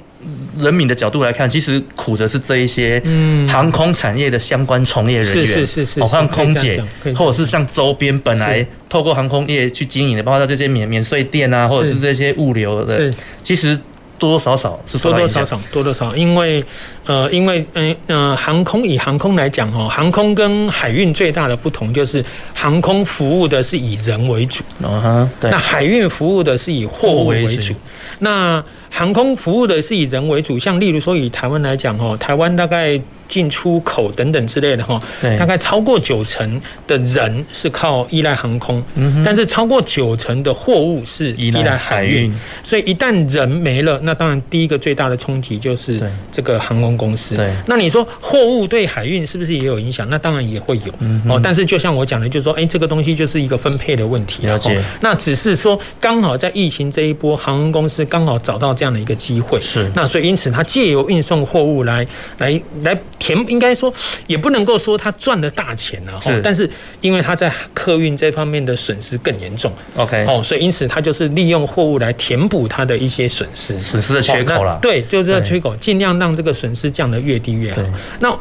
人民的角度來看，其實苦的是這一些航空產業的相關從業人員，嗯、是是是是，像空姐，或者是像周邊本來透過航空業去經營的，包括這些免免稅店啊，或者是這些物流的，是其實多多少少是多少多，多少多多少多多少，因為呃，因為嗯呃，航空以航空來講，航空跟海運最大的不同就是航空服務的是以人為主，哦哈，對，那海運服務的是以貨為主，那。航空服務的是以人為主，像例如說以台灣來講，哈，台灣大概進出口等等之類的，哈，大概超過九成的人是靠依賴航空，嗯，但是超過九成的貨物是依賴海運，所以一旦人沒了，那當然第一個最大的衝擊就是這個航空公司，對，那你說貨物對海運是不是也有影響？那當然也會有，哦，但是就像我講的，就是說，誒，這個東西就是一個分配的問題，了解，那只是說剛好在疫情這一波，航空公司剛好找到。這樣的一個機會是那，所以因此他借由運送貨物來來來填，應該說也不能夠說他賺了大錢啊。是，但是因為他在客運這方面的損失更嚴重。OK，哦，所以因此他就是利用貨物來填補他的一些損失，損失的缺口了。對，就是在缺口，盡量讓這個損失降得越低越好。那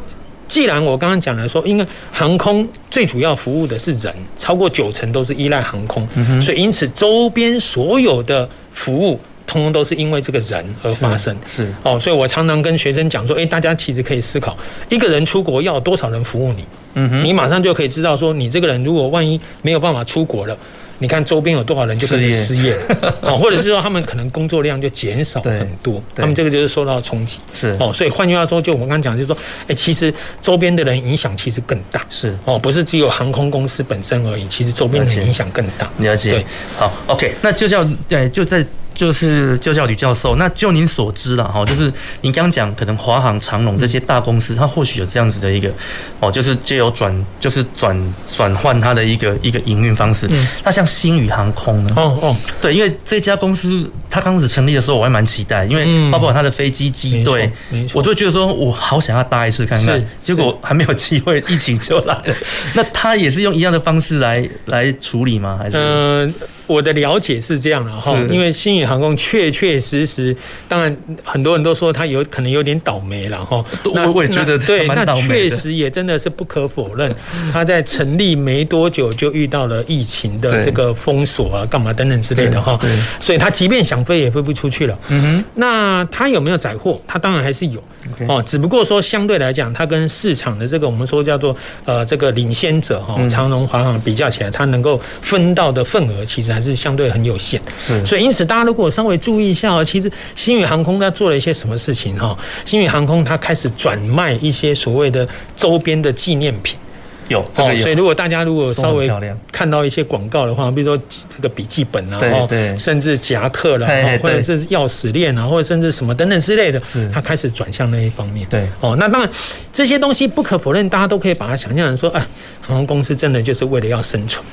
既然我剛剛講了說，因為航空最主要服務的是人，超過九成都是依賴航空，嗯，所以因此周邊所有的服務。通通都是因為這個人而發生，是哦，所以我常常跟學生講說，誒，大家其實可以思考，一個人出國要多少人服務你，嗯哼，你馬上就可以知道說，你這個人如果萬一沒有辦法出國了，你看周邊有多少人就可以失業了，哦，或者是說他們可能工作量就減少很多，他們這個就是受到衝擊，是哦，所以換句話說，就我們剛剛講，就是說，誒，其實周邊的人影響其實更大，是哦，不是只有航空公司本身而已，其實周邊的人影響更大，對了，你了解，好，OK，那就像，哎，就在就是就叫呂教授，那就您所知了哈。就是您剛剛講，可能華航、長榮這些大公司，嗯、它或許有這樣子的一個哦，就是借由轉，就是轉轉換它的一個一個營運方式。那、嗯、像星宇航空呢？哦哦，對，因為這家公司它剛開始成立的時候，我還蠻期待，因為包括它的飛機機隊，嗯、沒錯沒錯，我都覺得說我好想要搭一次看看，結果還沒有機會，疫情就來了。 (laughs) 那它也是用一樣的方式來來處理嗎？還是？呃我的了解是這樣的哈，因為星宇航空確確實實，當然很多人都說他有可能有點倒霉了哈。我我也覺得對，那確實也真的是不可否認，他在成立沒多久就遇到了疫情的這個封鎖啊、幹嘛等等之類的哈，所以他即便想飛也飛不出去了。嗯哼，那他有沒有載貨？他當然還是有哦，只不過說相對來講，他跟市場的這個我們說叫做呃這個領先者哈，長榮、華航比較起來，他能夠分到的份額其實。還是相對很有限，所以因此大家如果稍微注意一下，其實星宇航空它，做了一些什麼事情哈？星宇航空它開始轉賣一些所謂的周邊的紀念品，有，所以如果大家如果稍微看到一些廣告的話，比如說這個筆記本啊，甚至夾克了，或者是鑰匙鏈啊，或者甚至什麼等等之類的，它開始轉向那一方面，對，哦，那當然這些東西不可否認，大家都可以把它想象成說，哎，航空公司真的就是為了要生存。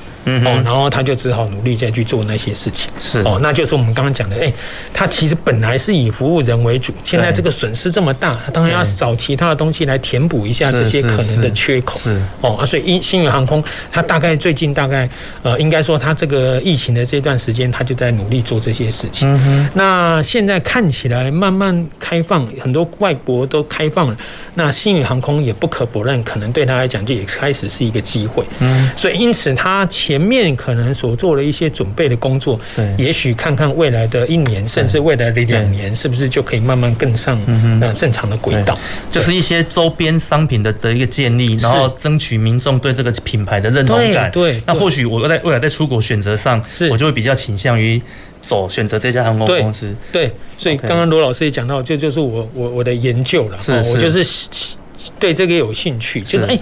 哦，然後他就只好努力再去做那些事情。是哦，那就是我們剛剛講的，哎、欸，他其實本來是以服務人為主，現在這個損失這麼大，他當然要找其他的東西來填補一下這些可能的缺口。是哦、啊，所以新宇航空，他大概最近大概呃，應該說他這個疫情的這段時間，他就在努力做這些事情。嗯哼。那現在看起來慢慢開放，很多外國都開放了，那新宇航空也不可否認，可能對他來講就也開始是一個機會。嗯。所以因此他前。前面可能所做的一些準備的工作，對，也許看看未來的一年，甚至未來的兩年，是不是就可以慢慢更上那正常的軌道？就是一些周邊商品的的一個建立，然後爭取民眾對這個品牌的認同感。對，對對，那或許我在未來在出國選擇上，是我就會比較傾向於走選擇這家航空公司。對，對，所以剛剛羅老師也講到，這就，就是我我我的研究了，是，是，我就是。對這個有興趣，就是哎、欸，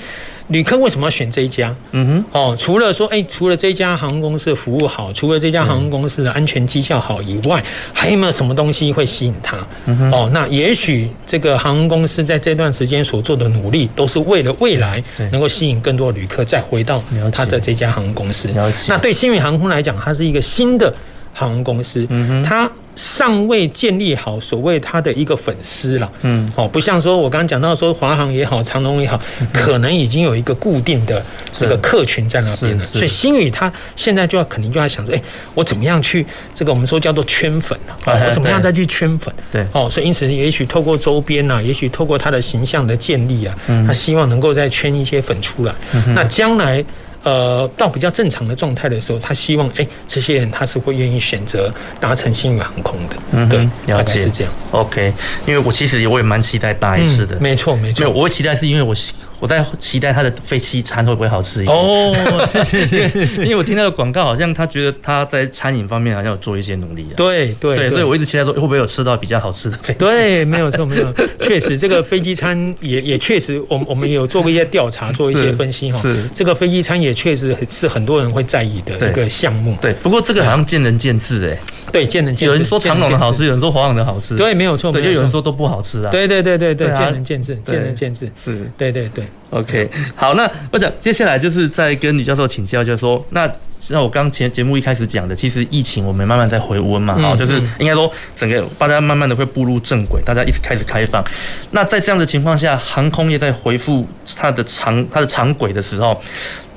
旅客為什麼要選這一家？嗯哼，哦，除了說哎、欸，除了這家航空公司服務好，除了這家航空公司的安全績效好以外，嗯、還有沒有什麼東西會吸引他？嗯哼，哦，那也許這個航空公司在這段時間所做的努力，都是為了未來能夠吸引更多旅客再回到他的這，這家航空公司。那對新宇航空來講，它是一個新的航空公司，嗯哼，它。尚未建立好所謂他的一個粉絲了，嗯，哦，不像說我剛剛講到說華航也好，長榮也好、嗯，可能已經有一個固定的這個客群在那邊了，所以星宇他現在就要肯定就要想說，哎，我怎麼樣去這個我們說叫做圈粉啊、嗯？我怎麼樣再去圈粉？對，哦，所以因此也許透過周邊吶，也許透過他的形象的建立啊，他希望能夠再圈一些粉出來、嗯，那將來。呃，到比較正常的狀態的時候，他希望，哎、欸，這些人他是會願意選擇搭乘星宇航空的，嗯，對，大概是這樣，OK。因為我其實我也蠻期待搭一次的，嗯、沒錯沒錯，我會期待是因為我喜我在期待他的飛機餐會不會好吃一點哦，是是是，是，因為我聽到的廣告好像他覺得他在餐飲方面好像有做一些努力，啊對，對對對，所以我一直期待說，會不會有吃到比較好吃的飛機餐？對，沒有錯沒有錯，確 (laughs) 實這個飛機餐也也確實，我們我們有做過一些調查，做一些分析哈，是，是、喔、這個飛機餐也確實是很多人會在意的一個項目對，對。不過這個好像見仁見智，哎、欸，對，見仁見智。有人說長榮的好吃見見，有人說華航的好吃，對，沒有錯，對，又有，有人說都不好吃啊，對對對對對，對，對，啊，見仁見智，見仁見智，是，對對對，對。OK，好，那我想接下來就是再跟呂教授請教，就是說，那像我剛前節目一開始講的，其實疫情我們慢慢在回溫嘛，哦、嗯，就是應該說整個大家慢慢的會步入正軌，大家一直開始開放。嗯、那在這樣的情況下，航空業在回復它的常它的常軌的時候，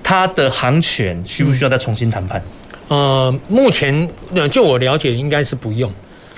它的航權需不需要再重新談判、嗯？呃，目前呃，就我了解，應該是不用。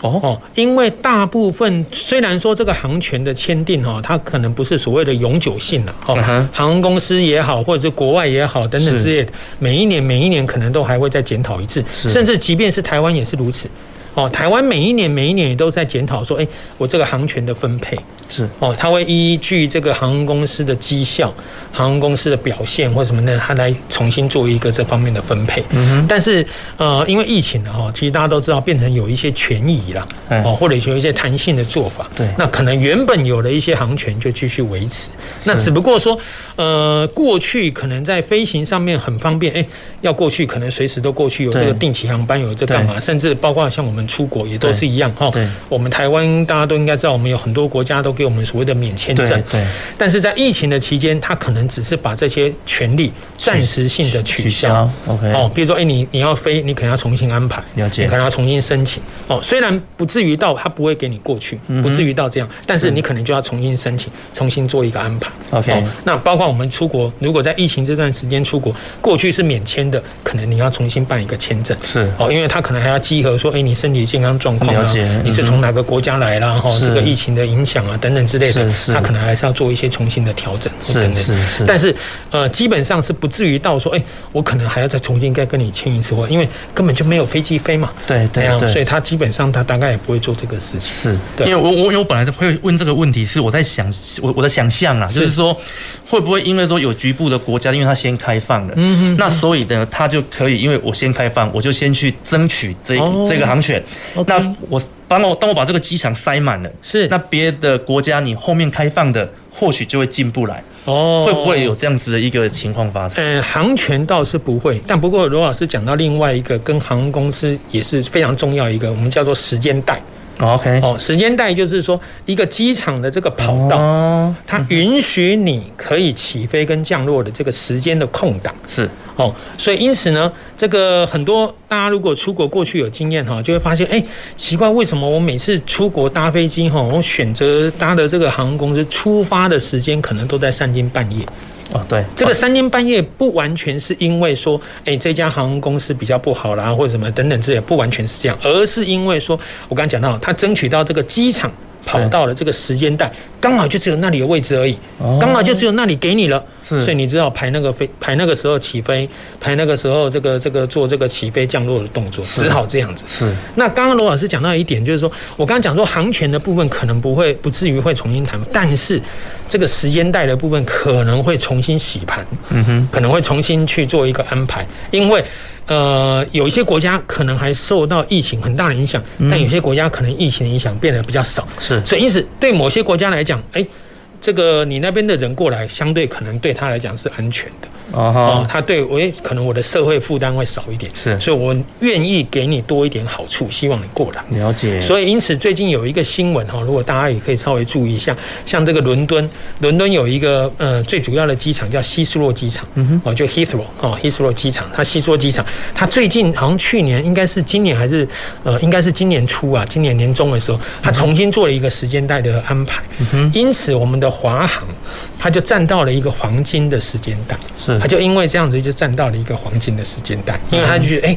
哦，因為大部分雖然說這個航權的簽訂哦，它可能不是所謂的永久性的哦，航空公司也好，或者是國外也好，等等之類的，每一年每一年可能都還會再檢討一次，甚至即便是台灣也是如此。哦，台灣每一年每一年也都在檢討說，誒，我這個航權的分配是哦，它會依據這個航空公司的績效、航空公司的表現或什麼呢，它來重新做一個這方面的分配。嗯哼。但是呃，因為疫情了哈，其實大家都知道變成有一些權益了，哦，或者有一些彈性的做法。對。那可能原本有的一些航權就繼續維持。那只不過說，呃，過去可能在飛行上面很方便，誒，要過去可能隨時都過去有這個定期航班，有這幹嘛，甚至包括像我們。出國也都是一樣哈，我們台灣大家都應該知道，我們有很多國家都給我們所謂的免簽證。對。但是在疫情的期間，他可能只是把這些權利暫時性的取消。OK。哦，比如說，哎，你你要飛，你可能要重新安排，了解，你可能要重新申請。哦，雖然不至於到他不會給你過去，不至於到這樣，但是你可能就要重新申請，重新做一個安排。OK。那包括我們出國，如果在疫情這段時間出國，過去是免簽的，可能你要重新辦一個簽證。是。哦，因為他可能還要集合說，哎，你申健康狀況啊，你是從哪個國家來啦、啊？哈、嗯，這個疫情的影響啊，等等之類的，是是他可能還是要做一些重新的調整等等，是是是。但是，呃，基本上是不至於到說，哎、欸，我可能還要再重新再跟你簽一次貨，因為根本就沒有飛機飛嘛。對對啊，所以他基本上他大概也不會做這個事情。是，因為我我因為我本來都會問這個問題，是我在想我我的想象啊，是就是說會不會因為說有局部的國家因為他先開放了，嗯嗯，那所以呢，他就可以因為我先開放，我就先去爭取這、哦、這個航權。Okay. 那我當我當我把這個機場塞滿了，是那別的國家你後面開放的，或許就會進不來哦。Oh. 會不會有這樣子的一個情況發生？呃，航權倒是不會，但不過羅老師講到另外一個跟航空公司也是非常重要一個，我們叫做時間帶。OK，時間帶就是說一個機場的這個跑道，它允許你可以起飛跟降落的這個時間的空檔是，哦，所以因此呢，這個很多大家如果出國過去有經驗哈，就會發現，哎、欸，奇怪為什麼我每次出國搭飛機哈，我選擇搭的這個航空公司出發的時間可能都在三更半夜。哦、oh，對，這個三天半夜不完全是因為說，哎、欸，這家航空公司比較不好啦，或者什麼等等之類，這也不完全是這樣，而是因為說，我剛才講到，他爭取到這個機場。跑到了這個時間帶，剛好就只有那裡的位置而已，哦。剛好就只有那裡給你了。所以你只好排那個飛，排那個時候起飛，排那個時候這個這個做這個起飛降落的動作，只好這樣子。是。那剛剛羅老師講到一點，就是說我剛剛講說航權的部分可能不會不至於會重新談，但是這個時間帶的部分可能會重新洗盤，嗯哼，可能會重新去做一個安排，因為。呃，有一些國家可能還受到疫情很大的影響，嗯，但有些國家可能疫情的影響變得比較少，是，所以因此對某些國家來講，哎，欸。這個你那邊的人過來，相對可能對他來講是安全的啊。哦，他對我可能我的社會負擔會少一點，是，所以我願意給你多一點好處，希望你過來了解。所以因此最近有一個新聞哈，如果大家也可以稍微注意一下，像這個倫敦，倫敦有一個呃最主要的機場叫希斯羅機場，嗯哼，哦，就 Heathrow 哦，希斯羅機場，它希斯羅機場，它最近好像去年應該是今年還是呃應該是今年初啊，今年年中的時候，它重新做了一個時間帶的安排，嗯哼，因此我們的。華航。他就占到了一個黃金的時間帶，是，他就因為這樣子就占到了一個黃金的時間帶，因為他就覺得，誒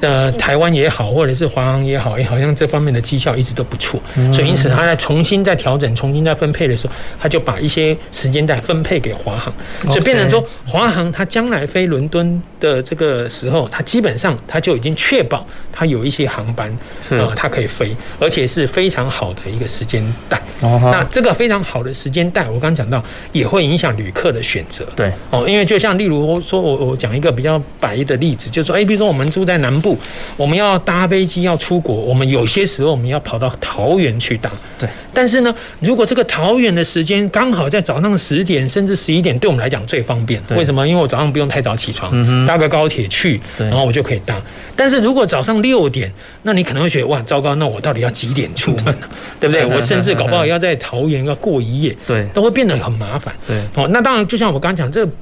呃，台灣也好，或者是華航也好、欸，也好像這方面的績效一直都不錯，所以因此他在重新再調整、重新再分配的時候，他就把一些時間帶分配給華航，所以變成說華航他將來飛倫敦的這個時候，他基本上他就已經確保他有一些航班啊，他可以飛，而且是非常好的一個時間帶。那這個非常好的時間帶，我剛講到。也會影響旅客的選擇。對，哦，因為就像例如說，我我講一個比較白的例子，就是說，哎，比如說我們住在南部，我們要搭飛機要出國，我們有些時候我們要跑到桃園去搭。對。但是呢，如果這個桃園的時間剛好在早上十點甚至十一點，對我們來講最方便。對。為什麼？因為我早上不用太早起床，搭個高鐵去，然後我就可以搭。但是如果早上六點，那你可能會覺得，哇，糟糕，那我到底要幾點出門呢？對不對？我甚至搞不好要在桃園要過一夜，對，都會變得很麻煩。對，哦，那當然，就像我剛剛講，這個、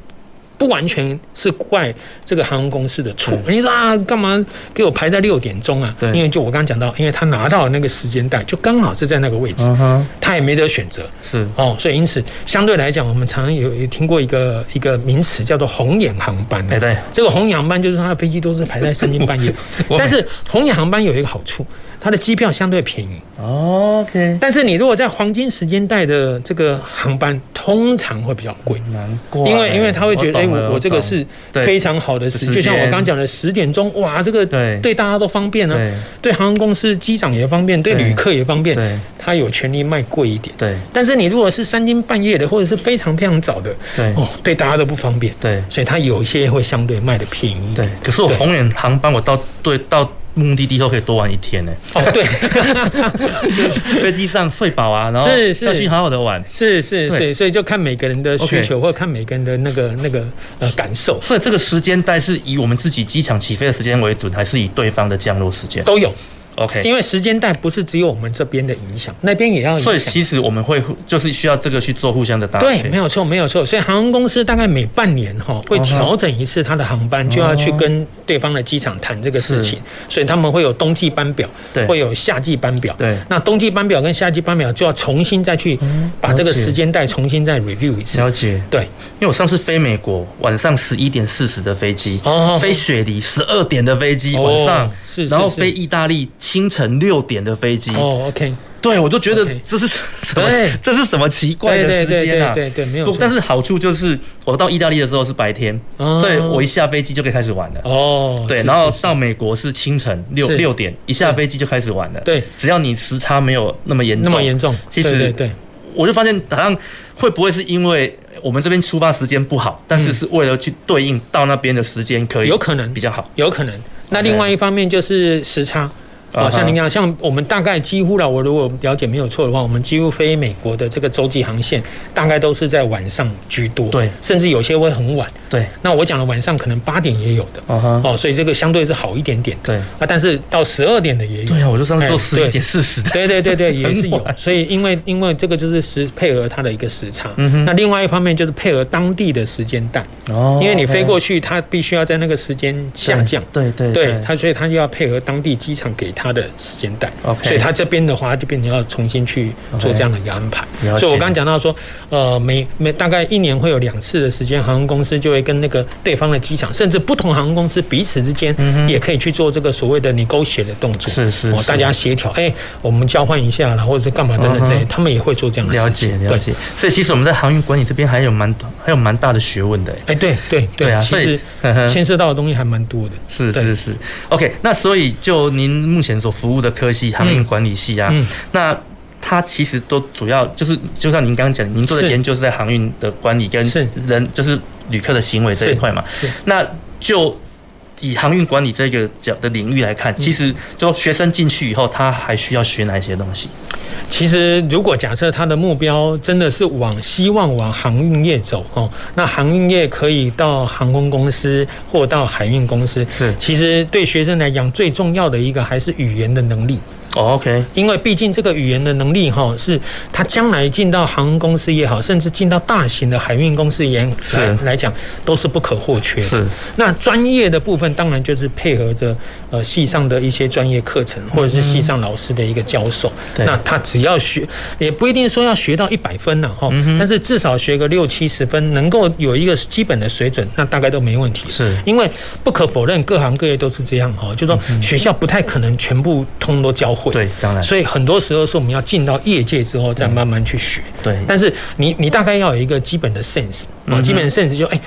不完全是怪這個航空公司的錯。你說啊，幹嘛給我排在六點鐘啊？對，因為就我剛剛講到，因為他拿到那個時間帶，就剛好是在那個位置，uh-huh, 他也沒得選擇。是，哦，所以因此，相對來講，我們常常有，有聽過一個一個名詞，叫做“紅眼航班”。對，對，這個紅眼航班就是他的飛機都是排在三更半夜。但是紅眼航班有一個好處。它的機票相對便宜，OK。但是你如果在黃金時間帶的這個航班，通常會比較貴，難怪。因為因為他會覺得，哎，我我這個是非常好的時間，就像我剛講的十點鐘，哇，這個對大家都方便啊，對，航空公司機長也方便，對旅客也方便，他有權利賣貴一點，對。但是你如果是三更半夜的，或者是非常非常早的，對哦，對大家都不方便，對，所以他有一些會相對賣的便宜，對。可是我紅眼航班，我到對到。目的地都可以多玩一天呢、欸。哦，對 (laughs) (laughs) 飛機上睡飽啊，然後是是要去好好的玩，是是，所以所以就看每個人的需求，或者看每個人的那個那個呃感受。所以這個時間帶是以我們自己機場起飛的時間為準，還是以對方的降落時間？都有。OK，因為時間帶不是只有我們這邊的影響，那邊也要影響。所以其實我們會就是需要這個去做互相的搭配。對，沒有錯，沒有錯。所以航空公司大概每半年哈會調整一次他的航班，oh、就要去跟對方的機場談這個事情、oh。所以他們會有冬季班表，對，會有夏季班表，對。那冬季班表跟夏季班表就要重新再去把這個時間帶重新再 review 一次。小、嗯、姐，對。因為我上次飛美國，晚上十一點四十的飛機，oh、飛雪梨十二點的飛機，oh、晚上、oh、是，是，是，然後飛意大利。清晨六點的飛機哦、oh,，OK，對我都覺得這是什麼，okay. 這,是什麼 hey. 這是什麼奇怪的時間啊？對對,對,對,對沒有。但是好處就是，我到意大利的時候是白天，oh. 所以我一下飛機就可以開始玩了。哦、oh,，對，然後到美國是清晨六六點，一下飛機就開始玩了。對，只要你時差沒有那麼嚴重那麼嚴重，其實對,對,對,對，我就發現好像會不會是因為我們這邊出發時間不好、嗯，但是是為了去對應到那邊的時間，可以有可能比較好，有可能。那另外一方面就是時差。Okay. 啊、哦，像您講，像我們大概幾乎了，我如果了解沒有錯的話，我們幾乎飛美國的這個洲際航線，大概都是在晚上居多。對，甚至有些會很晚。對，那我講的晚上可能八點也有的。Uh -huh, 哦，所以這個相對是好一點點。對、uh -huh,，啊，但是到十二點的也有。對、啊、我就算做十一點四十的、欸。對對對對，也是有。所以因為因為這個就是時配合它的一個時差、 (laughs) 嗯。那另外一方面就是配合當地的時間帶。哦。因為你飛過去，okay, 它必須要在那個時間下降對。對對對。它所以它就要配合當地機場給它。他的時間帶，所以他這邊的話就變成要重新去做這樣的一個安排。Okay. 所以，我剛剛講到說，呃，每每大概一年會有兩次的時間，航空公司就會跟那個對方的機場，甚至不同航空公司彼此之間也可以去做這個所謂的 negotiate 的動作。嗯、是，是是，哦，大家協調，哎，我們交換一下，然後或者幹嘛等等之類，他們也會做這樣的了解了解。了解所以，其實我們在航運管理這邊還有蠻多。有蠻大的學問的，哎、欸，對對對，對啊，所以牽涉到的東西還蠻多的是，是是是。OK，那所以就您目前所服務的科系，嗯、航運管理系啊、嗯，那它其實都主要就是，就像您剛講，您做的研究是在航運的管理跟人，就是旅客的行為這一塊嘛，那就。以航運管理這個角的領域來看，其實，就學生進去以後，他還需要學哪些東西？其實，如果假設他的目標真的是往希望往航運業走哦，那航運業可以到航空公司或到海運公司。是，其實對學生來講，最重要的一個還是語言的能力。Oh, OK，因為畢竟這個語言的能力哈，是他將來進到航空公司也好，甚至進到大型的海運公司也好來來講，都是不可或缺的。是。那專業的部分，當然就是配合着呃系上的一些專業課程，或者是系上老師的一個教授。嗯、那他只要學，也不一定說要學到一百分呢、啊、哈，但是至少學個六七十分，能夠有一個基本的水準，那大概都沒問題。是，因為不可否認，各行各業都是這樣哈，就是、說學校不太可能全部通都教會。對，當然。所以很多時候是我們要進到業界之後，再慢慢去學。嗯、對，但是你你大概要有一個基本的 sense，基本的 sense 就哎、是。誒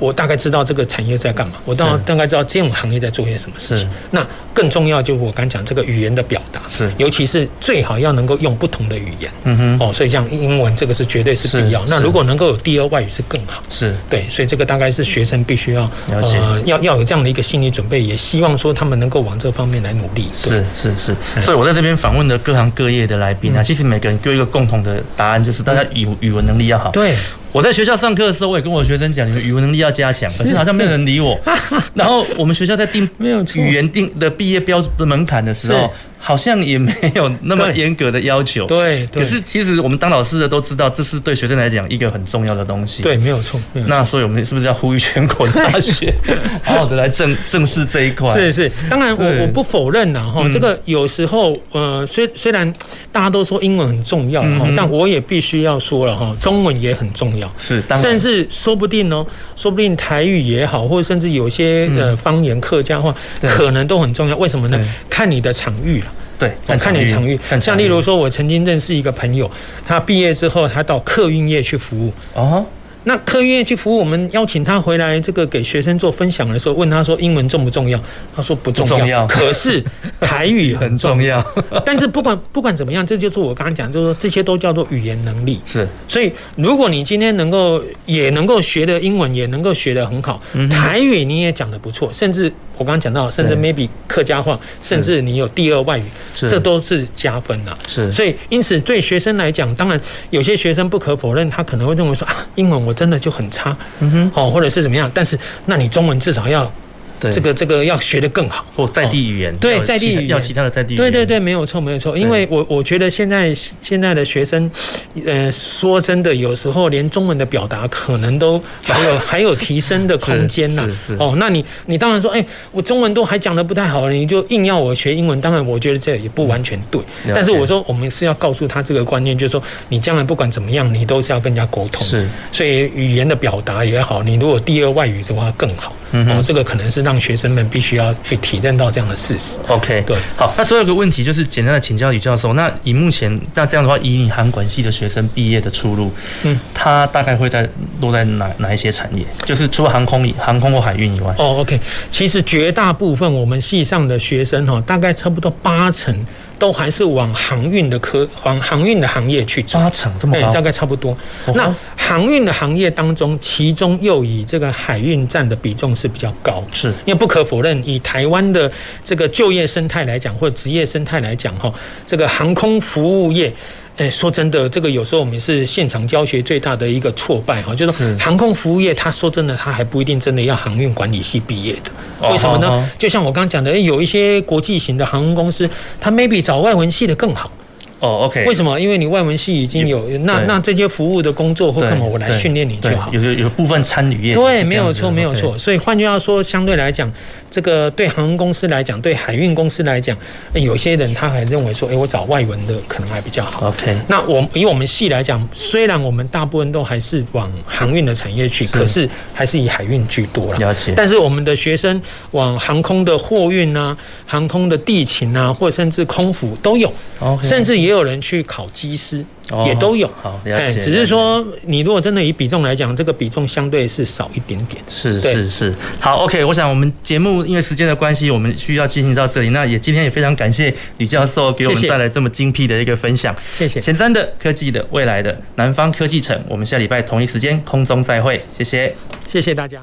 我大概知道這個產業在幹嘛，我大大概知道這種行業在做些什麼事情。那更重要就是我剛講這個語言的表達，是。尤其是最好要能夠用不同的語言。嗯哼。哦，所以像英文這個是絕對是必要。那如果能夠有第二外語是更好。是。對。所以這個大概是學生必須要、呃、了解，要要有這樣的一個心理準備，也希望說他們能夠往這方面來努力。是是是。所以我在這邊訪問的各行各業的來賓呢，其實每個人都有一個共同的答案，就是大家語語文能力要好、嗯。對。我在學校上課的時候，我也跟我學生講，你們語文能力要加強，是是，可是好像沒有人理我。 (laughs) 然後我們學校在定語言定的畢業標準的門檻的時候。好像也沒有那麼嚴格的要求，對對，對。可是其實我們當老師的都知道，這是對學生來講一個很重要的東西。對，沒有錯。沒有錯，那所以，我們是不是要呼籲全國大學 (laughs) 好好的來正正視這一塊？是是。當然我，我我不否認啦哈。這個有時候，呃，雖雖然大家都說英文很重要哈，但我也必須要說了哈，中文也很重要。是，當然甚至說不定哦，說不定台語也好，或者甚至有些呃方言客家的話，對，可能都很重要。為什麼呢？看你的場域。對，我看你的場域。像例如說，我曾經認識一個朋友，他畢業之後，他到客運業去服務。哦、uh -huh.，那客運業去服務，我們邀請他回來這個給學生做分享的時候，問他說英文重不重要？他說不重要，重要，可是台語很重要。 (laughs) 重要但是不管不管怎麼樣，這就是我剛剛講，就是說這些都叫做語言能力。是，所以如果你今天能夠也能夠學的英文，也能夠學得很好，嗯，台語你也講得不錯，甚至。我剛剛講到，甚至 maybe 客家話，甚至你有第二外語，這都是加分吶。是，所以因此對學生來講，當然有些學生不可否認，他可能會認為說啊，英文我真的就很差，嗯哼，哦，或者是怎麼樣，但是那你中文至少要。對，這個這個要學得更好，或在地語言、哦、對，在地語言要其，要其他的在地語言。對對對，沒有錯沒有錯。因為我我覺得現在現在的學生，呃，說真的，有時候連中文的表達可能都還有 (laughs) 還有提升的空間吶。哦，那你你當然說，哎、欸，我中文都還講得不太好了，你就硬要我學英文。當然，我覺得這也不完全對。嗯、但是我說，我們是要告訴他這個觀念，就是說，你將來不管怎麼樣，你都是要跟人家溝通。是，所以語言的表達也好，你如果第二外語的話更好。嗯、哦，這個可能是。讓學生們必須要去體認到這樣的事實。OK，對，好。那最後一個問題就是簡單的請教呂教授，那以目前那這樣的話，以你航管系的學生畢業的出路，嗯。它大概會在落在哪哪一些產業？就是除了航空以航空或海運以外哦。Oh, OK，其實絕大部分我們系上的學生哈、喔，大概差不多八成都還是往航運的科往航運的行業去發展。八成這麼？對，大概差不多。Oh, okay. 那航運的行業當中，其中又以這個海運占的比重是比較高的，因為不可否認，以台灣的這個就業生態來講，或職業生態來講哈，這個航空服務業。哎，說真的，這個有時候我們是現場教學最大的一個挫敗哈，就是說航空服務業，他說真的，他還不一定真的要航運管理系畢業的，為什麼呢？就像我剛剛講的，有一些國際型的航空公司，他 maybe 找外文系的更好。哦、oh，OK，為什麼？因為你外文系已經有，有那那這些服務的工作或幹嘛，我來訓練你就好。有有有部分參與業，對，沒有錯，沒有錯。所以換句話說，相對來講，這個對航空公司來講，對海運公司來講，欸，有些人他還認為說，哎，欸，我找外文的可能還比較好。OK，那我以我們系來講，雖然我們大部分都還是往航運的產業去，可是還是以海運居多了。了解。但是我們的學生往航空的貨運啊，航空的地勤啊，或甚至空服都有，okay. 甚至於。也有人去考機師，也都有哈、哦。只是說你如果真的以比重來講，這個比重相對是少一點點。是是是。好，OK，我想我們節目因為時間的關係，我們需要進行到這裡。那也今天也非常感謝呂教授給我們帶來這麼精闢的一個分享、嗯。謝謝。前瞻的、科技的、未來的南方科技城，我們下禮拜同一時間空中再會。謝謝，謝謝大家。